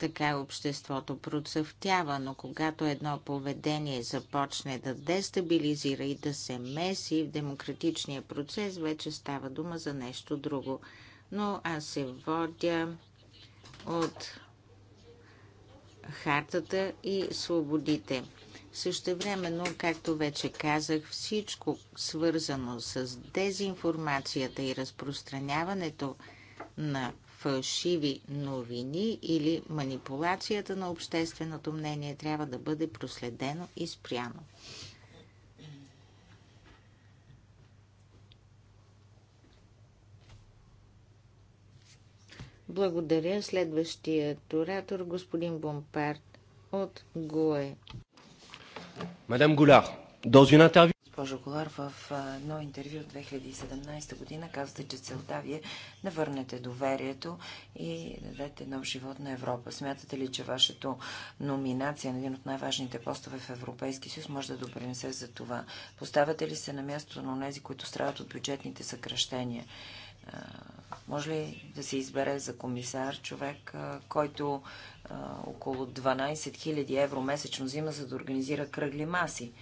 така обществото процъфтява, но когато едно поведение започне да дестабилизира и да се меси в демократичния процес, вече става дума за нещо друго. Но аз се водя от хартата и свободите. Същевременно, както вече казах, всичко свързано с дезинформацията и разпространяването на фалшиви новини или манипулацията на общественото мнение трябва да бъде проследено и спряно. Благодаря. Следващият оратор, господин Бомпарт от Гое. Мадам Голар, dans une Госпожо Голар, в едно интервю от 2017 година казвате, че целта ви е да върнете доверието и да дадете нов живот на Европа. Смятате ли, че вашето номинация на един от най-важните постове в Европейски съюз може да допринесе за това? Поставяте ли се на място на тези, които страдат от бюджетните съкръщения? Може ли да се избере за комисар човек, който около 12 000 евро месечно взима, за да организира кръгли маси?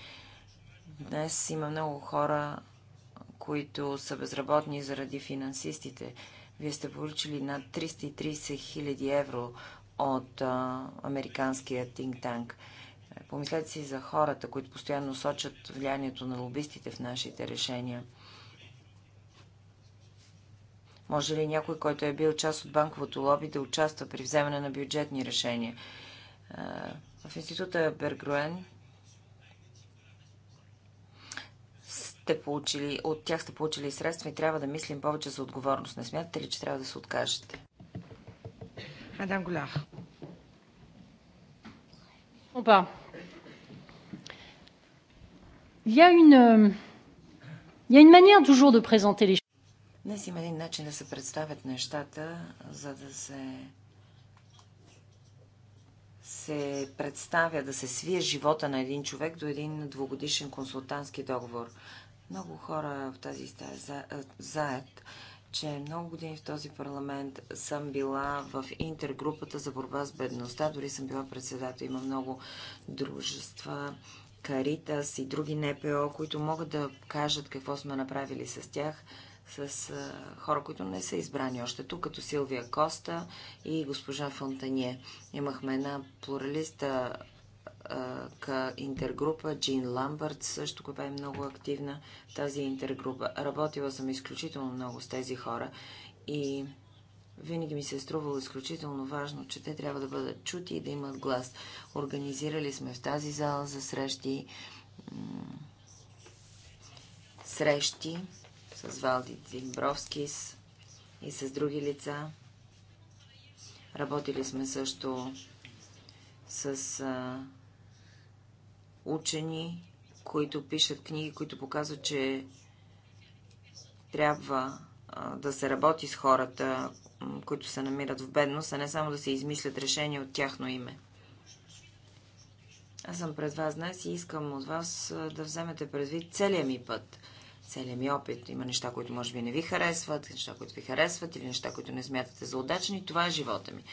Днес има много хора, които са безработни заради финансистите. Вие сте получили над 330 хиляди евро от а, американския think tank. Помислете си за хората, които постоянно сочат влиянието на лобистите в нашите решения. Може ли някой, който е бил част от банковото лоби, да участва при вземане на бюджетни решения? В института Бергруен сте получили, от тях сте получили средства и трябва да мислим повече за отговорност. Не смятате ли, че трябва да се откажете? Мадам Голях. Опа. Я y une, une manière toujours de présenter les Днес има един начин да се представят нещата, за да се се представя, да се свие живота на един човек до един двугодишен консултантски договор. Много хора в тази стая за, е, заед, че много години в този парламент съм била в интергрупата за борба с бедността, дори съм била председател. Има много дружества, Каритас и други НПО, които могат да кажат какво сме направили с тях, с е, хора, които не са избрани още тук, като Силвия Коста и госпожа Фонтанье. Имахме една плуралиста к интергрупа. Джин Ламбърт също която е много активна в тази интергрупа. Работила съм изключително много с тези хора и винаги ми се е струвало изключително важно, че те трябва да бъдат чути и да имат глас. Организирали сме в тази зала за срещи срещи с Валди Димбровски и с други лица. Работили сме също с учени, които пишат книги, които показват, че трябва да се работи с хората, които се намират в бедност, а не само да се измислят решения от тяхно име. Аз съм пред вас днес и искам от вас да вземете предвид целия ми път, Целият ми опит. Има неща, които може би не ви харесват, неща, които ви харесват или неща, които не смятате за удачни. Това е живота ми.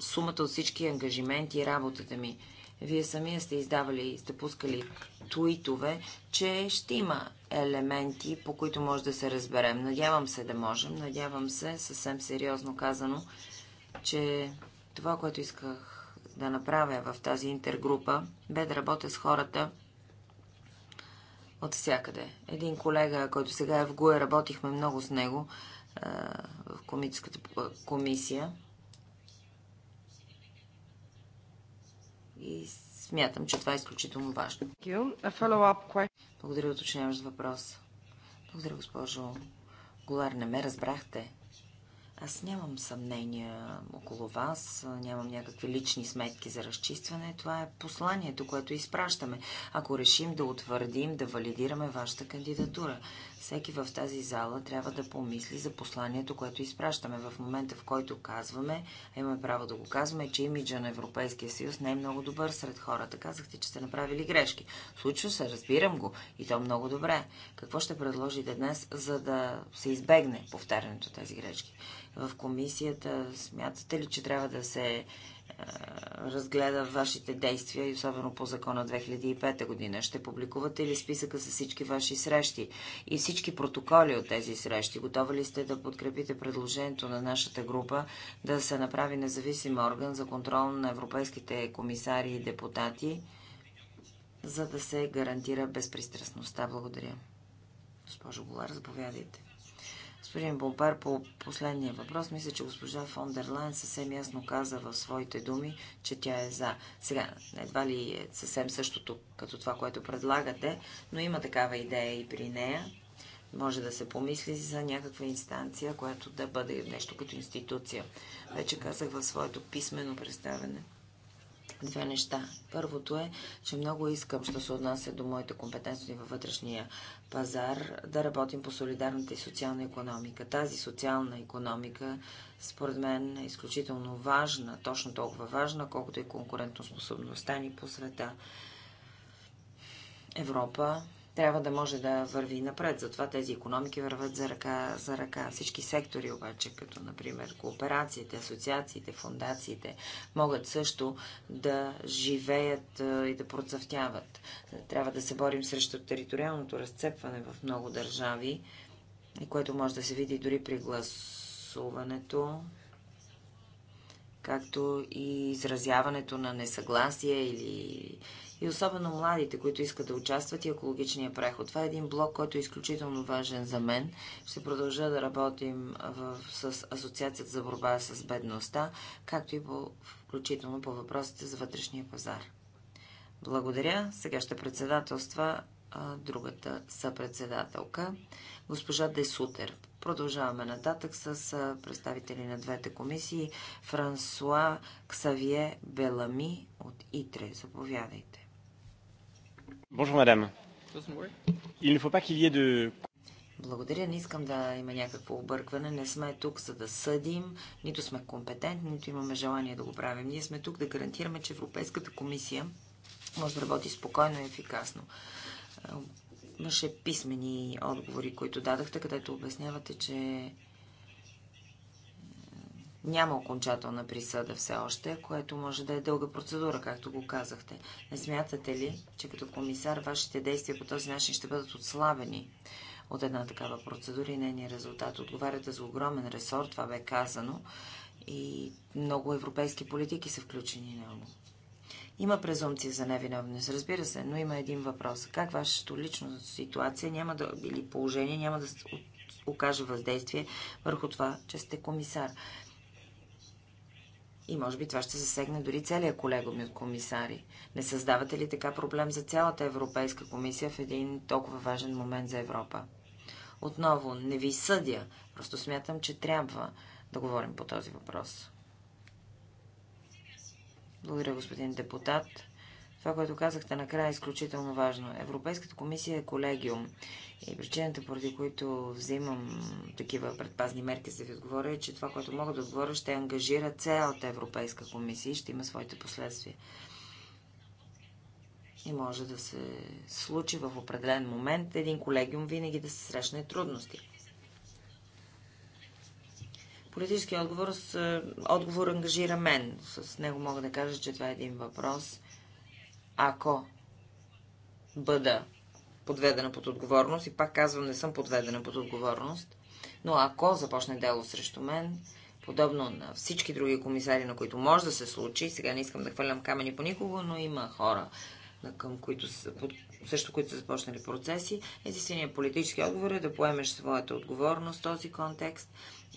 Сумата от всички ангажименти и работата ми. Вие самия сте издавали и сте пускали твитове, че ще има елементи, по които може да се разберем. Надявам се да можем. Надявам се, съвсем сериозно казано, че това, което исках да направя в тази интергрупа, бе да работя с хората от всякъде. Един колега, който сега е в ГУЕ, работихме много с него в комическата комисия. И смятам, че това е изключително важно. Благодаря, уточняваш въпрос. Благодаря, госпожо Голар, не ме разбрахте. Аз нямам съмнения около вас, нямам някакви лични сметки за разчистване. Това е посланието, което изпращаме, ако решим да утвърдим, да валидираме вашата кандидатура. Всеки в тази зала трябва да помисли за посланието, което изпращаме в момента, в който казваме, имаме право да го казваме, че имиджа на Европейския съюз не е много добър сред хората. Казахте, че сте направили грешки. Случва се, разбирам го. И то много добре. Какво ще предложите днес, за да се избегне повтарянето тези грешки? В комисията смятате ли, че трябва да се е, разгледа вашите действия и особено по закона 2005 година. Ще публикувате ли списъка с всички ваши срещи и всички протоколи от тези срещи? Готови ли сте да подкрепите предложението на нашата група да се направи независим орган за контрол на европейските комисари и депутати, за да се гарантира безпристрастността? Благодаря. Госпожо Голар, заповядайте. Господин Болбар, по последния въпрос, мисля, че госпожа фон дер Лайн съвсем ясно каза в своите думи, че тя е за. Сега, едва ли е съвсем същото като това, което предлагате, но има такава идея и при нея. Може да се помисли за някаква инстанция, която да бъде нещо като институция. Вече казах в своето писмено представене, две неща. Първото е, че много искам, що се отнася до моите компетенции във вътрешния пазар, да работим по солидарната и социална економика. Тази социална економика, според мен, е изключително важна, точно толкова важна, колкото и конкурентоспособността ни по света. Европа трябва да може да върви напред. Затова тези економики върват за ръка за ръка. Всички сектори обаче, като например кооперациите, асоциациите, фундациите, могат също да живеят и да процъфтяват. Трябва да се борим срещу териториалното разцепване в много държави, което може да се види дори при гласуването както и изразяването на несъгласие или и особено младите, които искат да участват и екологичния преход. Това е един блок, който е изключително важен за мен. Ще продължа да работим в, с Асоциацията за борба с бедността, както и по, включително по въпросите за вътрешния пазар. Благодаря. Сега ще председателства другата съпредседателка, госпожа Десутер. Продължаваме нататък с представители на двете комисии. Франсуа Ксавие Белами от ИТРЕ. Заповядайте. Bonjour, madame. Il ne faut pas qu'il y ait de... Благодаря. Не искам да има някакво объркване. Не сме тук за да съдим, нито сме компетентни, нито имаме желание да го правим. Ние сме тук да гарантираме, че Европейската комисия може да работи спокойно и ефикасно. Имаше писмени отговори, които дадахте, където обяснявате, че е, няма окончателна присъда все още, което може да е дълга процедура, както го казахте. Не смятате ли, че като комисар вашите действия по този начин ще бъдат отслабени от една такава процедура и нейния резултат? Отговаряте за огромен ресор, това бе казано, и много европейски политики са включени на него. Има презумпция за невиновност, разбира се, но има един въпрос. Как вашето лично ситуация няма да, или положение няма да окаже въздействие върху това, че сте комисар? И може би това ще засегне дори целият колега ми от комисари. Не създавате ли така проблем за цялата Европейска комисия в един толкова важен момент за Европа? Отново, не ви съдя, просто смятам, че трябва да говорим по този въпрос. Благодаря, господин депутат. Това, което казахте накрая е изключително важно. Европейската комисия е колегиум и причината, поради които взимам такива предпазни мерки, за да ви отговоря, е, че това, което мога да отговоря, ще ангажира цялата Европейска комисия и ще има своите последствия. И може да се случи в определен момент един колегиум винаги да се срещне трудности. Политически отговор, с, е, отговор ангажира мен. С него мога да кажа, че това е един въпрос. Ако бъда подведена под отговорност, и пак казвам, не съм подведена под отговорност, но ако започне дело срещу мен, подобно на всички други комисари, на които може да се случи, сега не искам да хвърлям камъни по никого, но има хора, към които са, също които са започнали процеси, единственият политически отговор е да поемеш своята отговорност в този контекст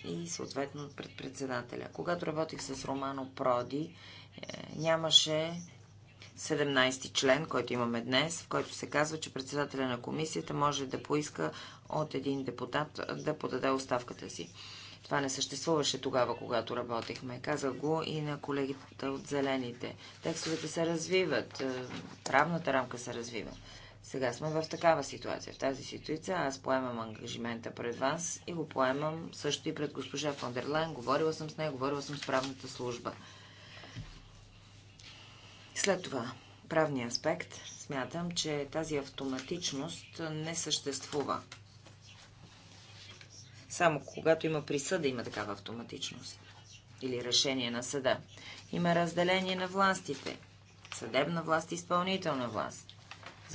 и съответно пред председателя. Когато работих с Романо Проди, е, нямаше 17 ти член, който имаме днес, в който се казва, че председателя на комисията може да поиска от един депутат да подаде оставката си. Това не съществуваше тогава, когато работехме. Казах го и на колегите от Зелените. Текстовете се развиват, правната е, рамка се развива. Сега сме в такава ситуация. В тази ситуация аз поемам ангажимента пред вас и го поемам също и пред госпожа Фондерлайн. Говорила съм с нея, говорила съм с правната служба. След това, правния аспект, смятам, че тази автоматичност не съществува. Само когато има присъда, има такава автоматичност. Или решение на съда. Има разделение на властите. Съдебна власт и изпълнителна власт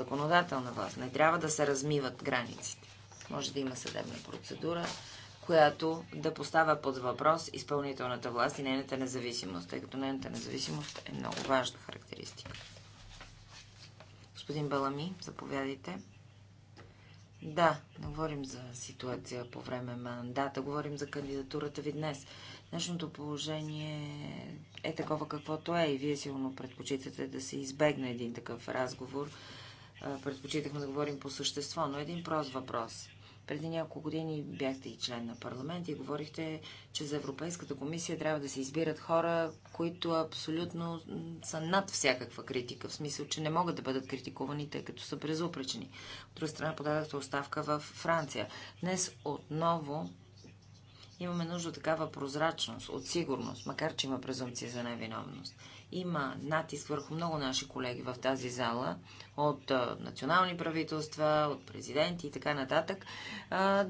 законодателна власт. Не трябва да се размиват границите. Може да има съдебна процедура, която да поставя под въпрос изпълнителната власт и нейната независимост, тъй като нейната независимост е много важна характеристика. Господин Балами, заповядайте. Да, говорим за ситуация по време на мандата, говорим за кандидатурата ви днес. Днешното положение е такова каквото е и вие сигурно предпочитате да се избегне един такъв разговор предпочитахме да говорим по същество, но един прост въпрос. Преди няколко години бяхте и член на парламент и говорихте, че за Европейската комисия трябва да се избират хора, които абсолютно са над всякаква критика, в смисъл, че не могат да бъдат критикувани, тъй като са презупречени. От друга страна подадахте оставка в Франция. Днес отново имаме нужда от такава прозрачност, от сигурност, макар че има презумпция за невиновност. Има натиск върху много наши колеги в тази зала, от национални правителства, от президенти и така нататък,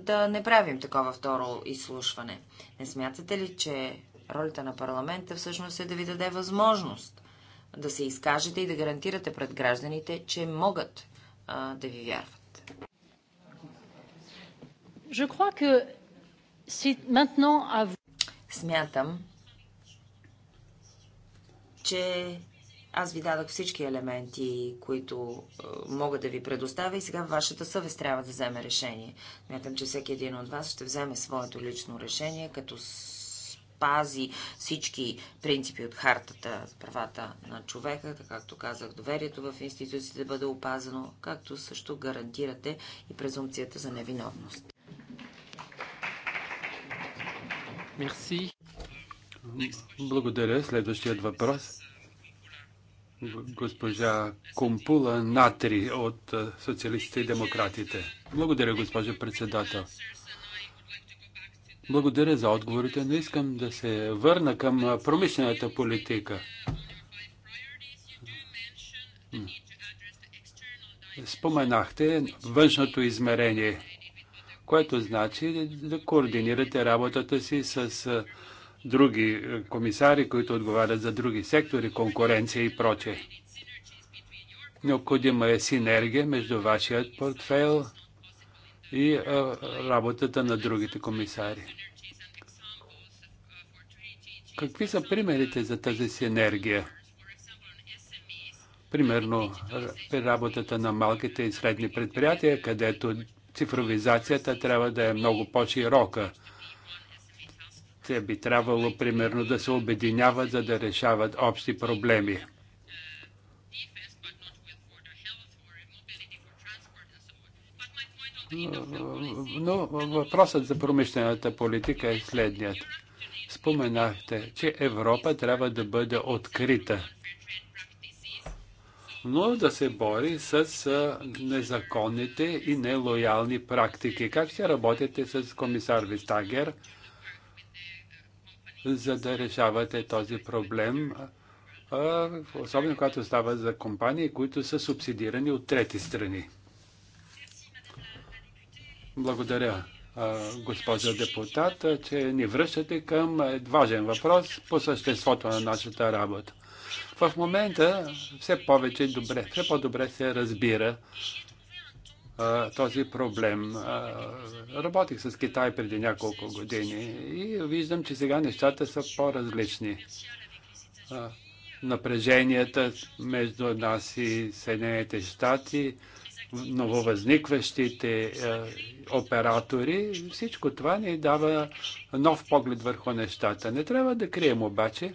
да не правим такова второ изслушване. Не смятате ли, че ролята на парламента всъщност е да ви даде възможност да се изкажете и да гарантирате пред гражданите, че могат да ви вярват. Crois, maintenant... Смятам, че аз ви дадах всички елементи, които е, мога да ви предоставя и сега вашата съвест трябва да вземе решение. Мятам, че всеки един от вас ще вземе своето лично решение, като спази всички принципи от хартата за правата на човека, както казах, доверието в институциите да бъде опазано, както също гарантирате и презумпцията за невиновност. Мерси. Благодаря. Следващият въпрос госпожа Компула Натри от Социалистите и Демократите. Благодаря, госпожа председател. Благодаря за отговорите, но искам да се върна към промишлената политика. Споменахте външното измерение, което значи да координирате работата си с други е, комисари, които отговарят за други сектори, конкуренция и прочее. Необходима е синергия между вашият портфейл и е, работата на другите комисари. Какви са примерите за тази синергия? Примерно е, при работата на малките и средни предприятия, където цифровизацията трябва да е много по-широка те би трябвало примерно да се обединяват, за да решават общи проблеми. Но въпросът за промишлената политика е следният. Споменахте, че Европа трябва да бъде открита, но да се бори с незаконните и нелоялни практики. Как ще работите с комисар Вистагер? за да решавате този проблем, особено когато става за компании, които са субсидирани от трети страни. Благодаря, госпожа депутат, че ни връщате към важен въпрос по съществото на нашата работа. В момента все повече добре, все по-добре се разбира този проблем. работих с Китай преди няколко години и виждам, че сега нещата са по-различни. Напреженията между нас и Съединените щати, нововъзникващите оператори, всичко това ни дава нов поглед върху нещата. Не трябва да крием обаче,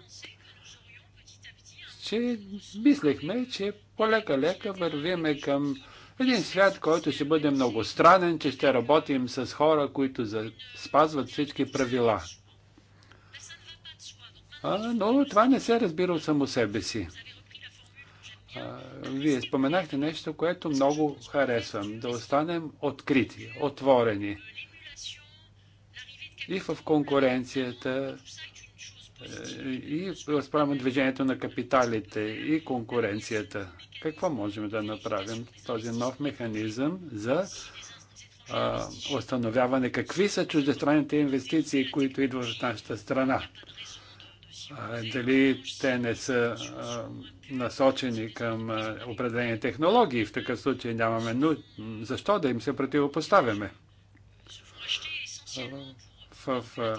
че мислехме, че полека-лека вървиме към един свят, който ще бъде многостранен, че ще работим с хора, които за... спазват всички правила. А, но това не се разбира от само себе си. А, вие споменахте нещо, което много харесвам. Да останем открити, отворени. И в конкуренцията, и спрямо движението на капиталите и конкуренцията. Какво можем да направим този нов механизъм за установяване? Какви са чуждестранните инвестиции, които идват от нашата страна? дали те не са насочени към определени технологии? В такъв случай нямаме нужда. Защо да им се противопоставяме? в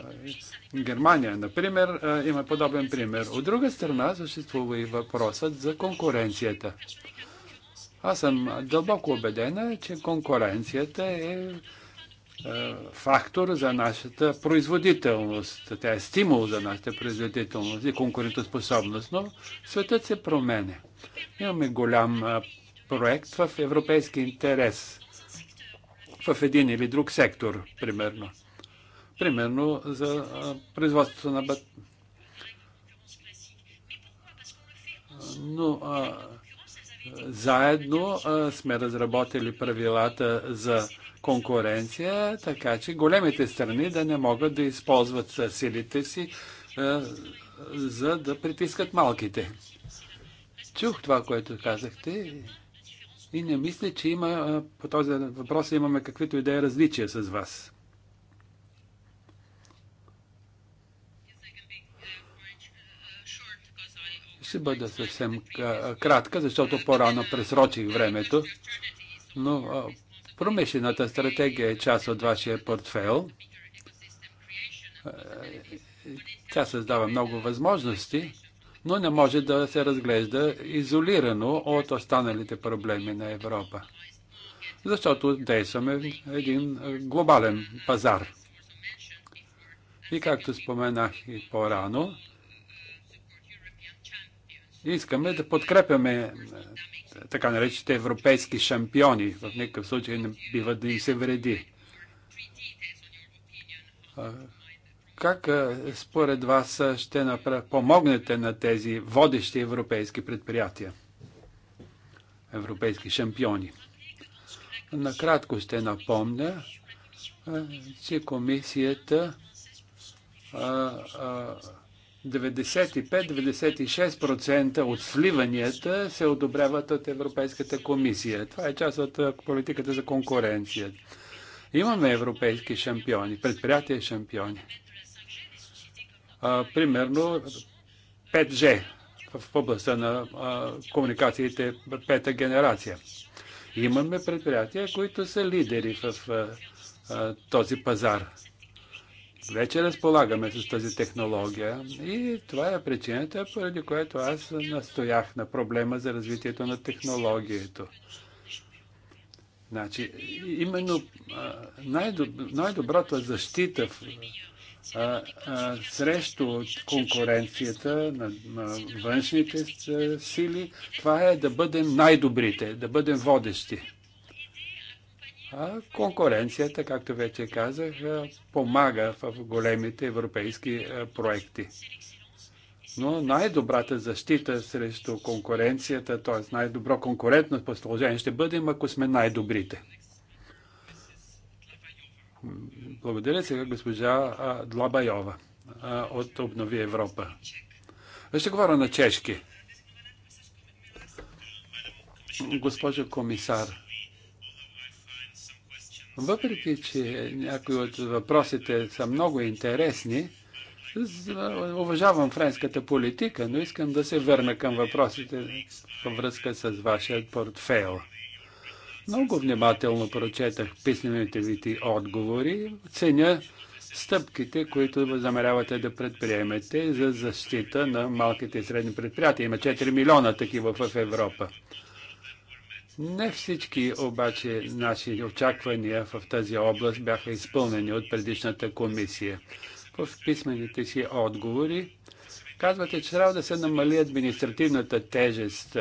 Германия, например, има подобен пример. От друга страна съществува и въпросът за конкуренцията. Аз съм дълбоко убедена, че конкуренцията е фактор за нашата производителност. Тя е стимул за нашата производителност и конкурентоспособност, но светът се променя. Имаме голям проект в европейски интерес в един или друг сектор, примерно примерно за производството на бат. Но а, заедно а, сме разработили правилата за конкуренция, така че големите страни да не могат да използват силите си, а, за да притискат малките. Чух това, което казахте и не мисля, че има по този въпрос имаме каквито идеи е различия с вас. Ще бъда съвсем кратка, защото по-рано пресрочих времето, но промишлената стратегия е част от вашия портфел. Тя създава много възможности, но не може да се разглежда изолирано от останалите проблеми на Европа. Защото действаме в един глобален пазар. И както споменах и по-рано, искаме да подкрепяме е, така наречените европейски шампиони. В никакъв случай не бива да им се вреди. Как е, според вас е, ще помогнете на тези водещи европейски предприятия? Европейски шампиони. Накратко ще напомня, че комисията а, а, 95-96% от сливанията се одобряват от Европейската комисия. Това е част от политиката за конкуренция. Имаме европейски шампиони, предприятия шампиони. А, примерно 5G в областта на а, комуникациите пета генерация. Имаме предприятия, които са лидери в а, този пазар. Вече разполагаме с тази технология и това е причината, поради която аз настоях на проблема за развитието на технологието. Значи, именно най най-добрата защита в, а, а, срещу конкуренцията на, на външните сили, това е да бъдем най-добрите, да бъдем водещи. А конкуренцията, както вече казах, помага в големите европейски проекти. Но най-добрата защита срещу конкуренцията, т.е. най-добро конкурентно положение ще бъдем, ако сме най-добрите. Благодаря сега госпожа Длабайова от Обнови Европа. Ще говоря на чешки. Госпожо комисар, въпреки, че някои от въпросите са много интересни, уважавам френската политика, но искам да се върна към въпросите във връзка с вашия портфейл. Много внимателно прочетах писмените ви ти отговори. Ценя стъпките, които замерявате да предприемете за защита на малките и средни предприятия. Има 4 милиона такива в Европа. Не всички обаче наши очаквания в тази област бяха изпълнени от предишната комисия. В писмените си отговори казвате, че трябва да се намали административната тежест,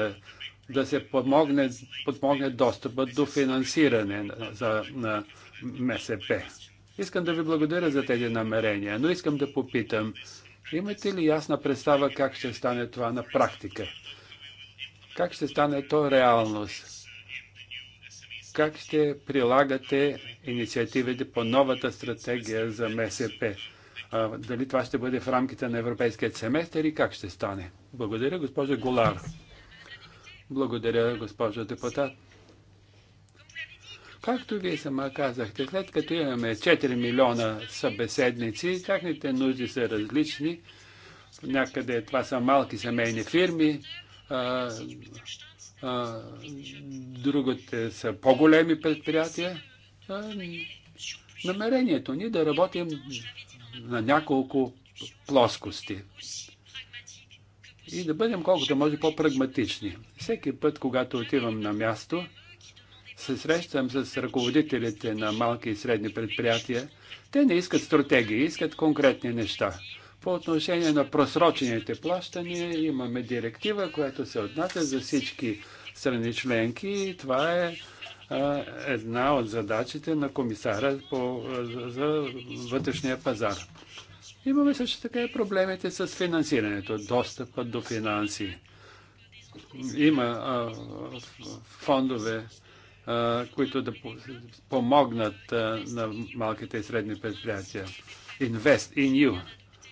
да се подмогне, подмогне достъпа до финансиране за, на МСП. Искам да ви благодаря за тези намерения, но искам да попитам, имате ли ясна представа как ще стане това на практика? Как ще стане то реалност? как ще прилагате инициативите по новата стратегия за МСП? А, дали това ще бъде в рамките на европейския семестър и как ще стане? Благодаря, госпожа Голар. Благодаря, госпожо депутат. Както вие сама казахте, след като имаме 4 милиона събеседници, тяхните нужди са различни. Някъде това са малки семейни фирми, а, другите са по-големи предприятия. А, намерението ни е да работим на няколко плоскости и да бъдем колкото може по-прагматични. Всеки път, когато отивам на място, се срещам с ръководителите на малки и средни предприятия. Те не искат стратегии, искат конкретни неща. По отношение на просрочените плащания имаме директива, която се отнася за всички страни членки. И това е една от задачите на комисара по, за вътрешния пазар. Имаме също така и проблемите с финансирането, достъпа до финанси. Има а, фондове, а, които да помогнат а, на малките и средни предприятия. Invest in You.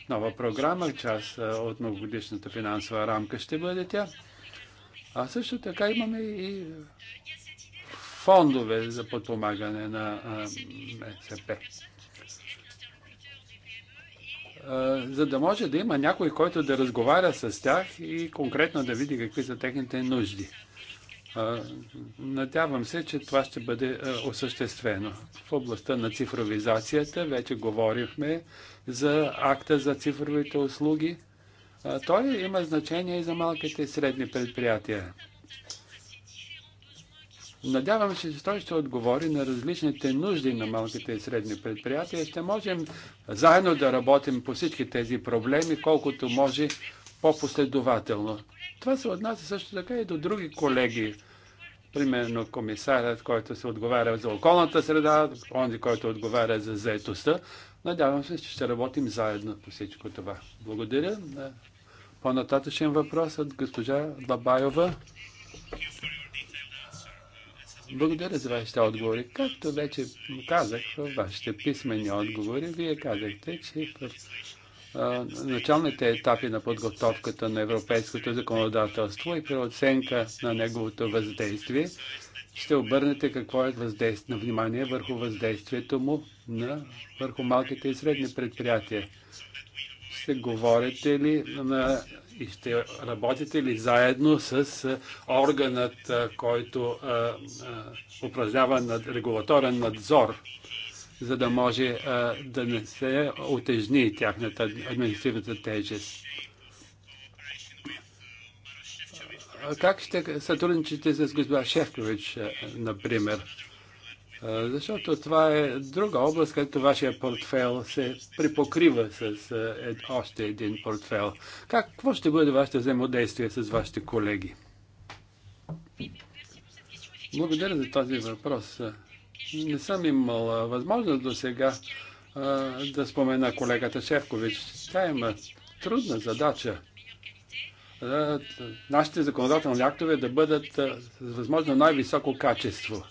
Нова програма, част от многогодишната финансова рамка ще бъде тя. А също така имаме и фондове за подпомагане на МСП. За да може да има някой, който да разговаря с тях и конкретно да види какви са техните нужди. Надявам се, че това ще бъде осъществено. В областта на цифровизацията вече говорихме за акта за цифровите услуги. Той има значение и за малките и средни предприятия. Надявам се, че той ще отговори на различните нужди на малките и средни предприятия. Ще можем заедно да работим по всички тези проблеми, колкото може по-последователно. Това се отнася също така и до други колеги. Примерно комисарят, който се отговаря за околната среда, онзи, който отговаря за заетостта. Надявам се, че ще работим заедно по всичко това. Благодаря. По-нататъчен въпрос от госпожа Бабаева. Благодаря за вашите отговори. Както вече казах в вашите писмени отговори, вие казахте, че в началните етапи на подготовката на европейското законодателство и при оценка на неговото въздействие ще обърнете какво е въздействие на внимание върху въздействието му на, върху малките и средни предприятия ще говорите ли на, и ще работите ли заедно с органът, който а, а, упражнява над регулаторен надзор, за да може а, да не се отежни тяхната административната тежест? Как ще сътрудничите с госпожа Шефкович, например? Защото това е друга област, където вашия портфел се припокрива с още един портфел. какво ще бъде вашето взаимодействие с вашите колеги? Благодаря за този въпрос. Не съм имал възможност до сега да спомена колегата Шевкович. Тя има трудна задача. Нашите законодателни актове да бъдат с възможно най-високо качество.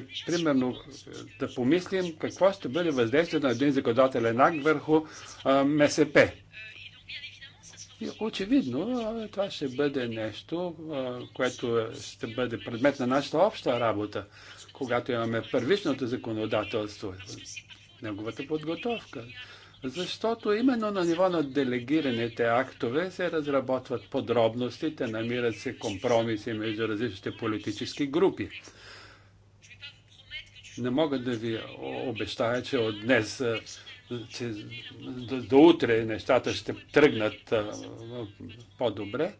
как, примерно, е, да помислим какво ще бъде въздействието на един законодателен акт върху а, МСП. И очевидно, това ще бъде нещо, което е, ще бъде предмет на нашата обща работа, когато имаме първичното законодателство, неговата подготовка. Защото именно на ниво на делегираните актове се разработват подробностите, намират се компромиси между различните политически групи. Не мога да ви обещая, че от днес, че до, до утре нещата ще тръгнат по-добре.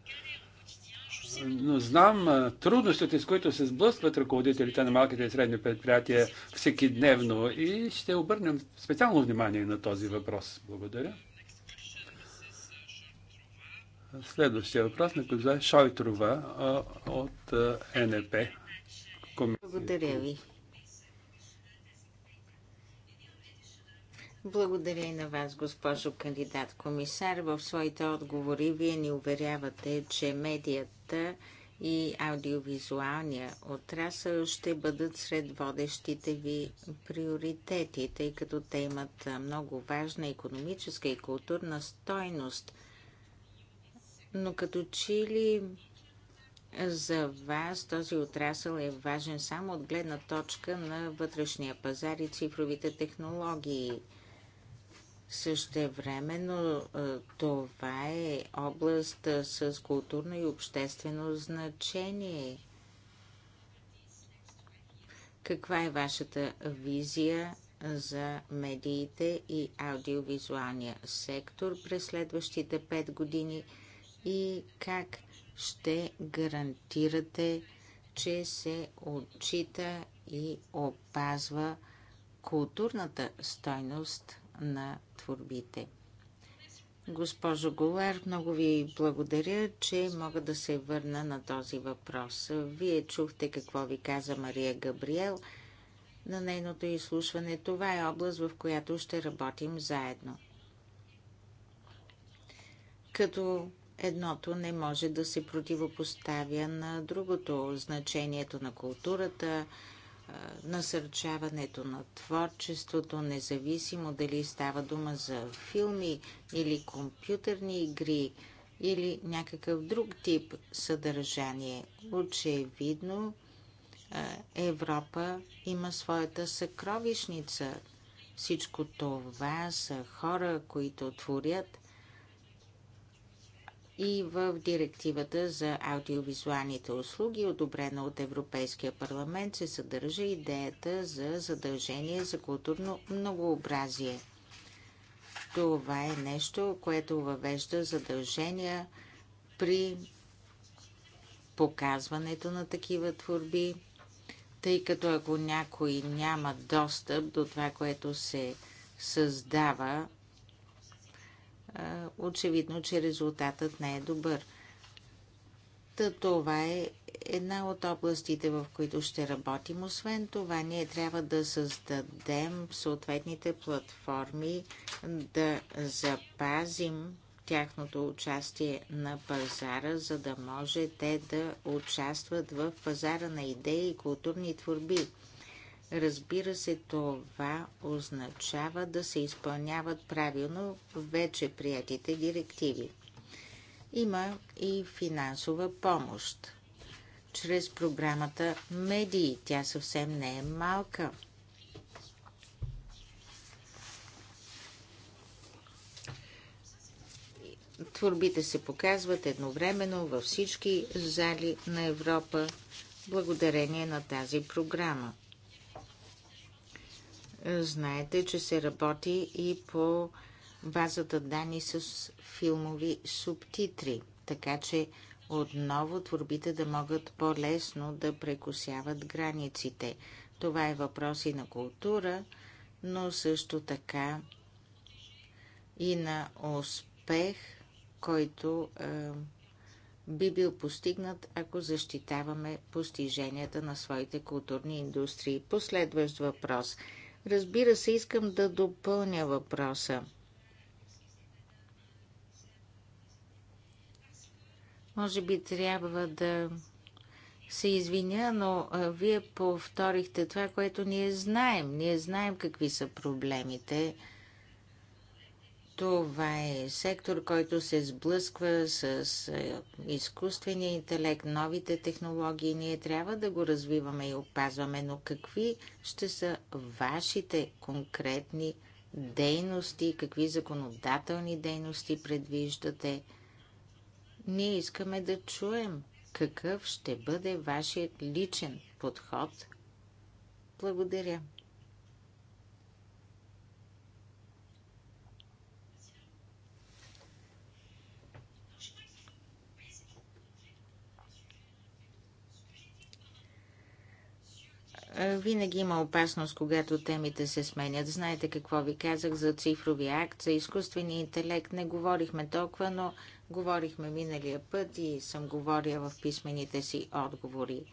Но знам трудностите, с които се сблъскват ръководителите на малките и средни предприятия всеки дневно и ще обърнем специално внимание на този въпрос. Благодаря. Следващия въпрос на госпожа Шойтрова от НП. Благодаря ви. Благодаря и на вас, госпожо кандидат комисар. В своите отговори вие ни уверявате, че медията и аудиовизуалния отрасъл ще бъдат сред водещите ви приоритети, тъй като те имат много важна економическа и културна стойност. Но като че ли за вас този отрасъл е важен само от гледна точка на вътрешния пазар и цифровите технологии – Същевременно е, това е област е, с културно и обществено значение. Каква е вашата визия за медиите и аудиовизуалния сектор през следващите 5 години и как ще гарантирате, че се отчита и опазва културната стойност на творбите. Госпожо Голар, много ви благодаря, че мога да се върна на този въпрос. Вие чухте какво ви каза Мария Габриел на нейното изслушване. Това е област, в която ще работим заедно. Като едното не може да се противопоставя на другото, значението на културата, насърчаването на творчеството, независимо дали става дума за филми или компютърни игри или някакъв друг тип съдържание. Очевидно, Европа има своята съкровищница. Всичко това са хора, които творят и в директивата за аудиовизуалните услуги, одобрена от Европейския парламент, се съдържа идеята за задължение за културно многообразие. Това е нещо, което въвежда задължения при показването на такива творби, тъй като ако някой няма достъп до това, което се създава, очевидно, че резултатът не е добър. Та това е една от областите, в които ще работим. Освен това, ние трябва да създадем съответните платформи, да запазим тяхното участие на пазара, за да може те да участват в пазара на идеи и културни творби. Разбира се, това означава да се изпълняват правилно вече приятите директиви. Има и финансова помощ. Чрез програмата Медии тя съвсем не е малка. Творбите се показват едновременно във всички зали на Европа благодарение на тази програма. Знаете, че се работи и по базата данни с филмови субтитри, така че отново творбите да могат по-лесно да прекусяват границите. Това е въпрос и на култура, но също така и на успех, който е, би бил постигнат, ако защитаваме постиженията на своите културни индустрии. Последващ въпрос – Разбира се, искам да допълня въпроса. Може би трябва да се извиня, но вие повторихте това, което ние знаем. Ние знаем какви са проблемите. Това е сектор, който се сблъсква с е, изкуствения интелект, новите технологии. Ние трябва да го развиваме и опазваме, но какви ще са вашите конкретни дейности, какви законодателни дейности предвиждате? Ние искаме да чуем какъв ще бъде вашият личен подход. Благодаря. Е, винаги има опасност, когато темите се сменят. Знаете какво ви казах за цифрови акт, за изкуствения интелект. Не говорихме толкова, но говорихме миналия път и съм говорила в писмените си отговори. Е,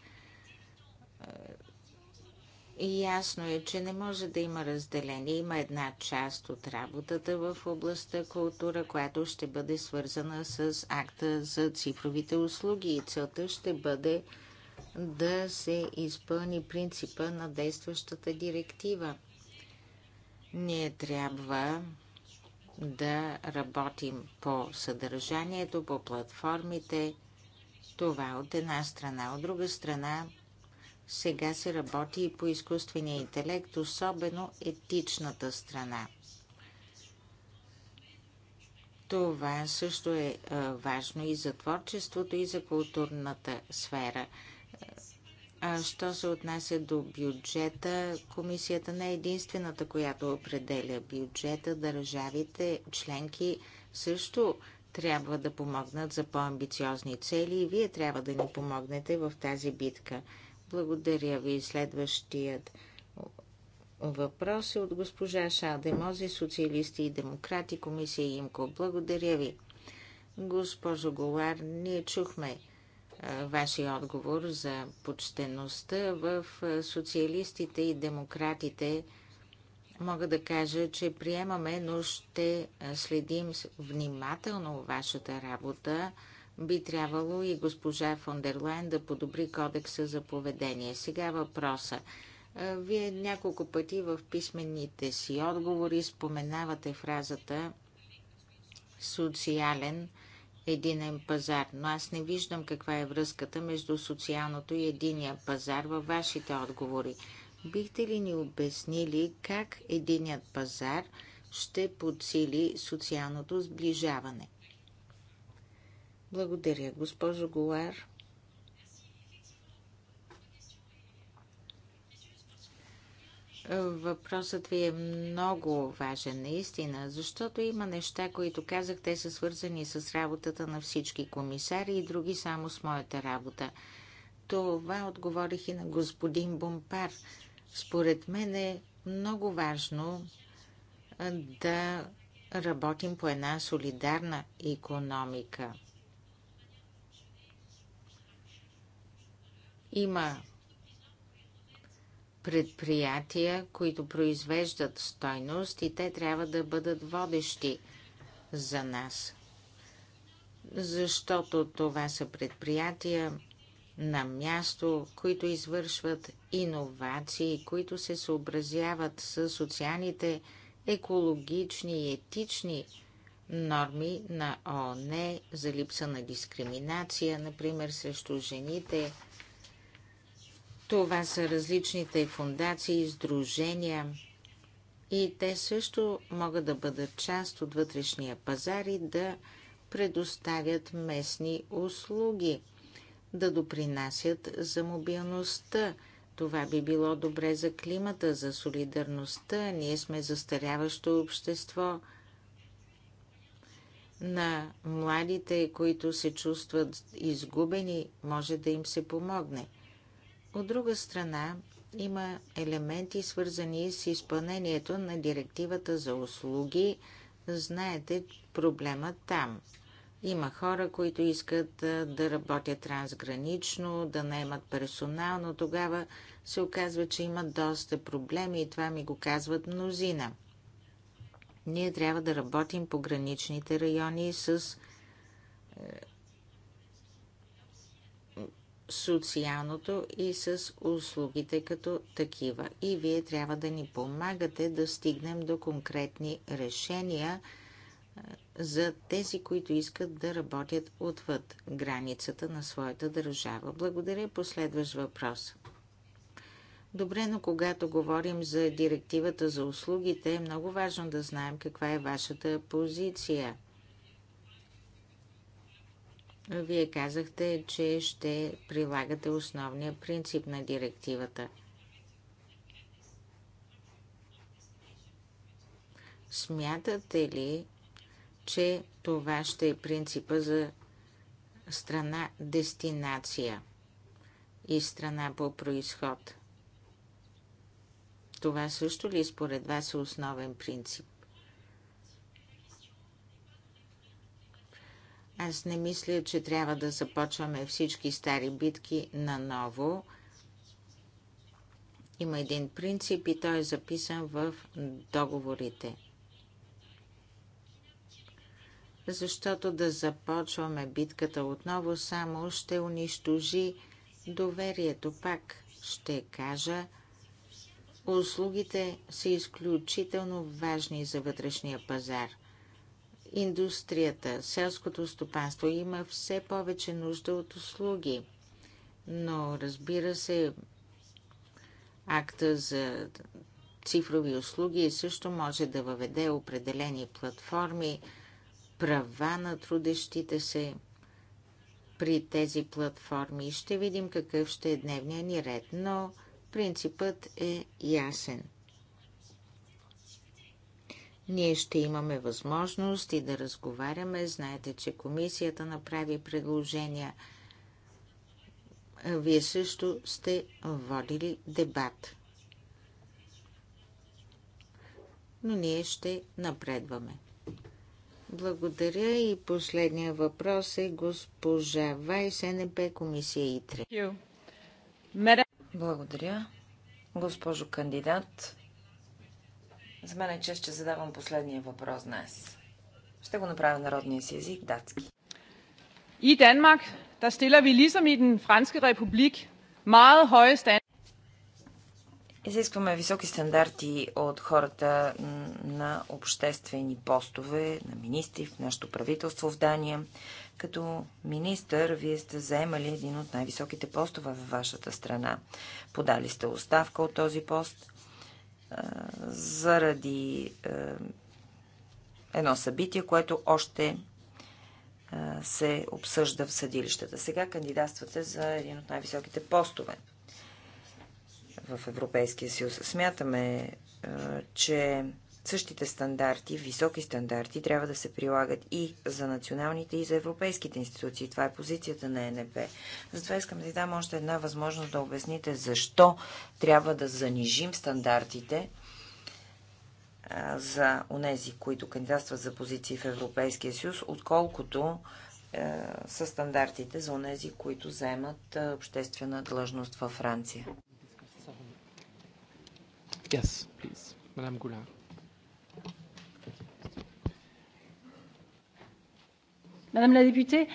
и ясно е, че не може да има разделение. Има една част от работата в областта култура, която ще бъде свързана с акта за цифровите услуги. И целта ще бъде да се изпълни принципа на действащата директива. Ние трябва да работим по съдържанието, по платформите. Това от една страна. От друга страна, сега се работи и по изкуствения интелект, особено етичната страна. Това също е важно и за творчеството, и за културната сфера – що се отнася до бюджета, комисията не е единствената, която определя бюджета. Държавите членки също трябва да помогнат за по-амбициозни цели и вие трябва да ни помогнете в тази битка. Благодаря ви. Следващият въпрос е от госпожа Шадемози, социалисти и демократи, комисия ИМКО. Благодаря ви. Госпожо Голар, ние чухме вашия отговор за почтеността в социалистите и демократите. Мога да кажа, че приемаме, но ще следим внимателно вашата работа. Би трябвало и госпожа Фондерлайн да подобри кодекса за поведение. Сега въпроса. Вие няколко пъти в писмените си отговори споменавате фразата социален единен пазар, но аз не виждам каква е връзката между социалното и единия пазар във вашите отговори. Бихте ли ни обяснили как единият пазар ще подсили социалното сближаване? Благодаря, госпожо Голар. Въпросът ви е много важен, наистина, защото има неща, които казах, те са свързани с работата на всички комисари и други само с моята работа. Това отговорих и на господин Бомпар. Според мен е много важно да работим по една солидарна економика. Има предприятия, които произвеждат стойност и те трябва да бъдат водещи за нас. Защото това са предприятия на място, които извършват иновации, които се съобразяват с социалните, екологични и етични норми на ООН за липса на дискриминация, например срещу жените, това са различните фундации, сдружения и те също могат да бъдат част от вътрешния пазар и да предоставят местни услуги, да допринасят за мобилността. Това би било добре за климата, за солидарността. Ние сме застаряващо общество на младите, които се чувстват изгубени, може да им се помогне – от друга страна, има елементи, свързани с изпълнението на директивата за услуги. Знаете проблема там. Има хора, които искат да работят трансгранично, да наемат персонал, но тогава се оказва, че има доста проблеми и това ми го казват мнозина. Ние трябва да работим по граничните райони с е, социалното и с услугите като такива. И вие трябва да ни помагате да стигнем до конкретни решения за тези, които искат да работят отвъд границата на своята държава. Благодаря. Последващ въпрос. Добре, но когато говорим за директивата за услугите, е много важно да знаем каква е вашата позиция. Вие казахте, че ще прилагате основния принцип на директивата. Смятате ли, че това ще е принципа за страна дестинация и страна по происход? Това също ли според вас е основен принцип? Аз не мисля, че трябва да започваме всички стари битки наново. Има един принцип и той е записан в договорите. Защото да започваме битката отново само ще унищожи доверието. Пак ще кажа, услугите са изключително важни за вътрешния пазар – Индустрията, селското стопанство има все повече нужда от услуги. Но разбира се, акта за цифрови услуги също може да въведе определени платформи, права на трудещите се при тези платформи. Ще видим какъв ще е дневния ни ред, но принципът е ясен – ние ще имаме възможност и да разговаряме. Знаете, че комисията направи предложения. Вие също сте водили дебат. Но ние ще напредваме. Благодаря и последния въпрос е госпожа Вайс, НП, комисия ИТРЕ. Благодаря. Госпожо кандидат, за мен е чест, че задавам последния въпрос днес. Ще го направя народния си език, датски. И Danmark, да стиля ви, ligesom и den Франска републик, meget høje стан... Изискваме високи стандарти от хората на обществени постове, на министри в нашето правителство в Дания. Като министър, вие сте заемали един от най-високите постове във вашата страна. Подали сте оставка от този пост заради едно събитие, което още се обсъжда в съдилищата. Сега кандидатствате за един от най-високите постове в Европейския съюз. Смятаме, че Същите стандарти, високи стандарти, трябва да се прилагат и за националните, и за европейските институции. Това е позицията на ЕНП. Затова искам да ви дам още една възможност да обясните защо трябва да занижим стандартите за онези, които кандидатстват за позиции в Европейския съюз, отколкото е, са стандартите за онези, които заемат обществена длъжност във Франция. Yes, please. Madame Goulard. Мадам ла депуте,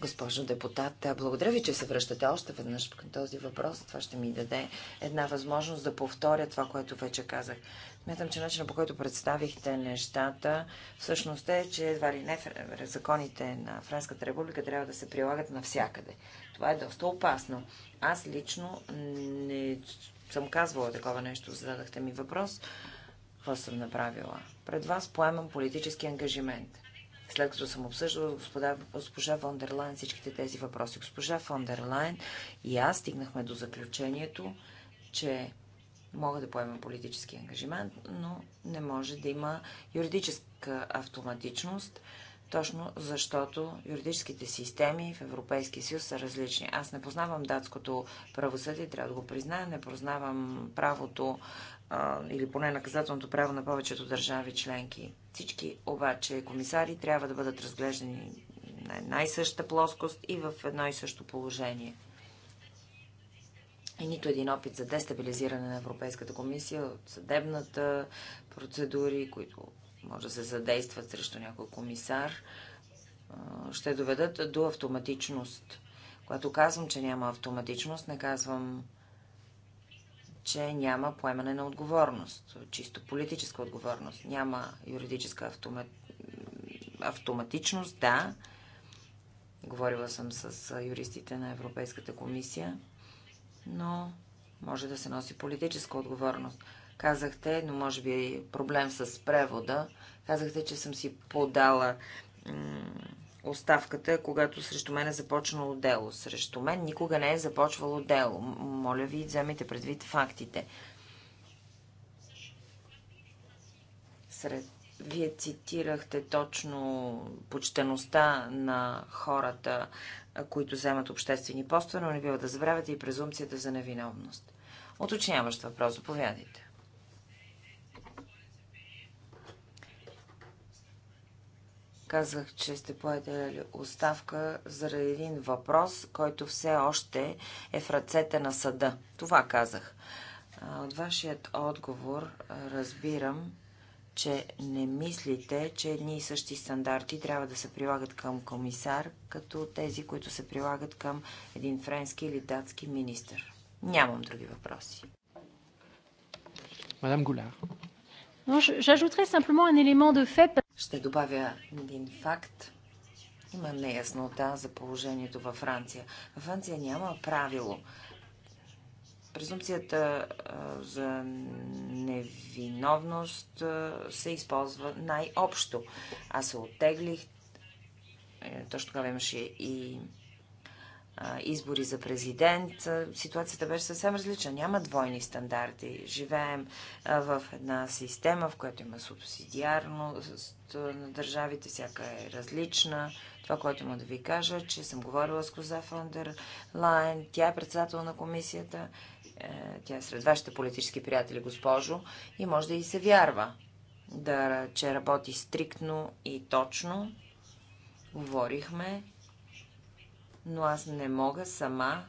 Госпожо депутат, е, благодаря ви, че се връщате още веднъж към този въпрос. Това ще ми даде една възможност да повторя това, което вече казах. Смятам, че начинът по който представихте нещата всъщност е, че едва ли не законите на Франската република трябва да се прилагат навсякъде. Това е доста опасно. Аз лично не съм казвала такова нещо. Зададахте ми въпрос. Какво съм направила? Пред вас поемам политически ангажимент – след като съм обсъждала господа, госпожа Фондерлайн всичките тези въпроси. Госпожа Фондерлайн и аз стигнахме до заключението, че мога да поема политически ангажимент, но не може да има юридическа автоматичност, точно защото юридическите системи в Европейския съюз са различни. Аз не познавам датското правосъдие, трябва да го призная, не познавам правото а, или поне наказателното право на повечето държави членки. Всички обаче комисари трябва да бъдат разглеждани на една и съща плоскост и в едно и също положение. И нито един опит за дестабилизиране на Европейската комисия от съдебната процедури, които може да се задействат срещу някой комисар, ще доведат до автоматичност. Когато казвам, че няма автоматичност, не казвам че няма поемане на отговорност, чисто политическа отговорност. Няма юридическа автома... автоматичност, да. Говорила съм с юристите на Европейската комисия, но може да се носи политическа отговорност. Казахте, но може би е проблем с превода, казахте, че съм си подала оставката, когато срещу мен е започнало дело. Срещу мен никога не е започвало дело. Моля ви, вземете предвид фактите. Сред... Вие цитирахте точно почтеността на хората, които вземат обществени постове, но не бива да забравяте и презумцията за невиновност. Уточняващ въпрос, заповядайте. Казах, че сте поедали оставка заради един въпрос, който все още е в ръцете на съда. Това казах. От вашият отговор разбирам, че не мислите, че едни и същи стандарти трябва да се прилагат към комисар, като тези, които се прилагат към един френски или датски министр. Нямам други въпроси. Мадам Голяр. Non, j'ajouterais simplement un élément de fait. Ще добавя един факт. Има неяснота за положението във Франция. Във Франция няма правило. Презумцията за невиновност се използва най-общо. Аз се оттеглих. Е, точно тогава имаше и избори за президент, ситуацията беше съвсем различна. Няма двойни стандарти. Живеем в една система, в която има субсидиарност на държавите, всяка е различна. Това, което му да ви кажа, че съм говорила с Коза Фондер Лайн, тя е председател на комисията, е, тя е сред вашите политически приятели, госпожо, и може да и се вярва, да, че работи стриктно и точно. Говорихме но аз не мога сама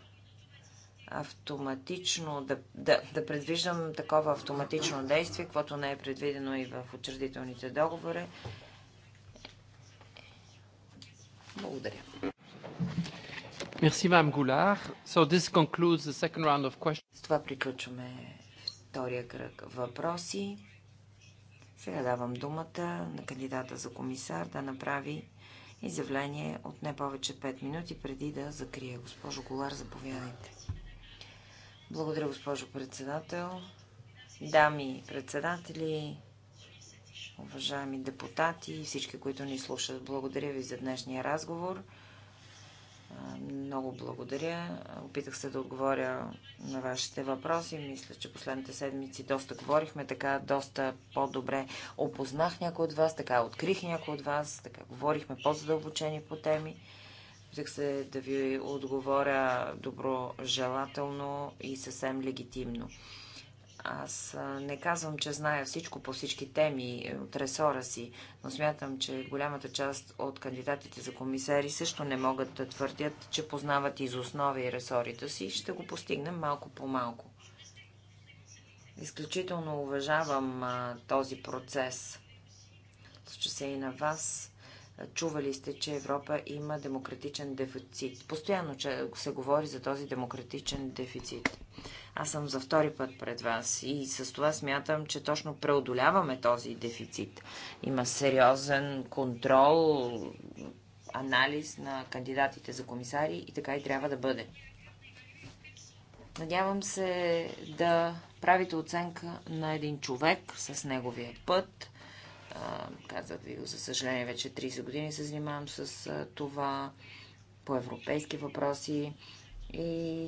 автоматично да, да, да предвиждам такова автоматично действие, което не е предвидено и в учредителните договори. Благодаря. Merci, Mme Goulard. So this concludes the second round of questions. С това приключваме втория кръг въпроси. Сега давам думата на кандидата за комисар да направи Изявление от не повече 5 минути преди да закрия. Госпожо Голар, заповядайте. Благодаря, госпожо председател. Дами председатели, уважаеми депутати и всички, които ни слушат, благодаря ви за днешния разговор. Много благодаря. Опитах се да отговоря на вашите въпроси. Мисля, че последните седмици доста говорихме, така доста по-добре опознах някой от вас, така открих някой от вас, така говорихме по-задълбочени по теми. Опитах се да ви отговоря доброжелателно и съвсем легитимно. Аз не казвам, че зная всичко по всички теми е, от ресора си, но смятам, че голямата част от кандидатите за комисари също не могат да твърдят, че познават из основи и ресорите си. Ще го постигнем малко по малко. Изключително уважавам а, този процес. Случа се и на вас. Чували сте, че Европа има демократичен дефицит. Постоянно че се говори за този демократичен дефицит. Аз съм за втори път пред вас и с това смятам, че точно преодоляваме този дефицит. Има сериозен контрол, анализ на кандидатите за комисари и така и трябва да бъде. Надявам се да правите оценка на един човек с неговия път, Казах ви, за съжаление, вече 30 години се занимавам с това по европейски въпроси и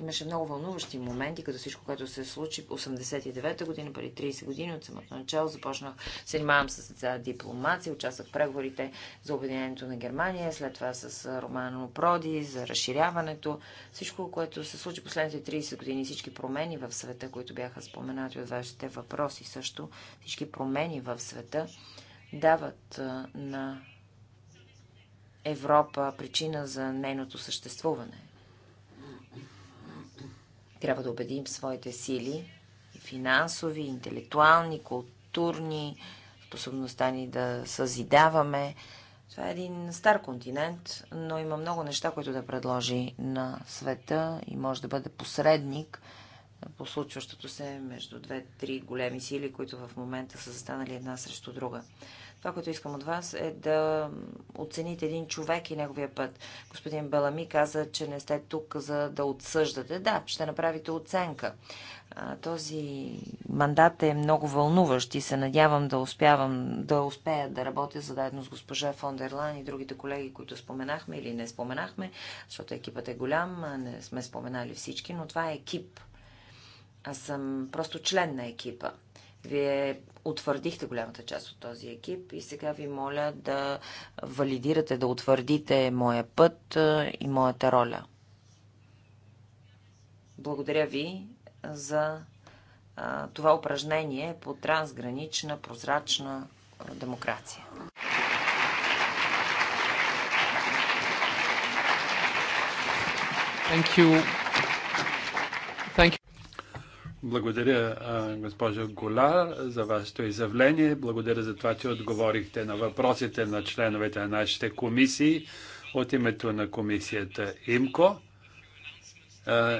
Имаше много вълнуващи моменти, като всичко, което се случи 89-та година, преди 30 години от самото начало. Започнах, се занимавам с деца дипломация, участвах в преговорите за обединението на Германия, след това с Романо Проди, за разширяването. Всичко, което се случи последните 30 години, всички промени в света, които бяха споменати от вашите въпроси също, всички промени в света дават на Европа причина за нейното съществуване трябва да убедим своите сили, и финансови, и интелектуални, културни, способността ни да съзидаваме. Това е един стар континент, но има много неща, които да предложи на света и може да бъде посредник по случващото се между две-три големи сили, които в момента са застанали една срещу друга. Това, което искам от вас е да оцените един човек и неговия път. Господин Балами каза, че не сте тук за да отсъждате. Да, ще направите оценка. Този мандат е много вълнуващ и се надявам да, успявам, да успея да работя заедно с госпожа Фондерлан и другите колеги, които споменахме или не споменахме, защото екипът е голям, не сме споменали всички, но това е екип. Аз съм просто член на екипа. Вие утвърдихте голямата част от този екип и сега ви моля да валидирате, да утвърдите моя път и моята роля. Благодаря ви за това упражнение по трансгранична, прозрачна демокрация. Thank you. Благодаря, госпожа Гола, за вашето изявление. Благодаря за това, че отговорихте на въпросите на членовете на нашите комисии от името на комисията ИМКО.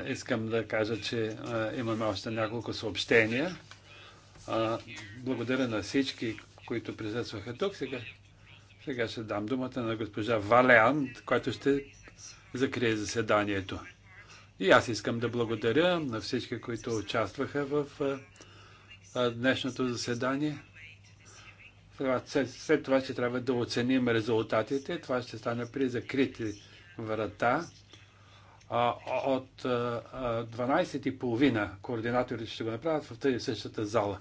Искам да кажа, че имаме още няколко съобщения. Благодаря на всички, които присъстваха тук. Сега, сега ще дам думата на госпожа Валеан, която ще закрие заседанието. И аз искам да благодаря на всички, които участваха в днешното заседание. След това ще трябва да оценим резултатите. Това ще стане при закрити врата. От 12.30 координаторите ще го направят в тази същата зала.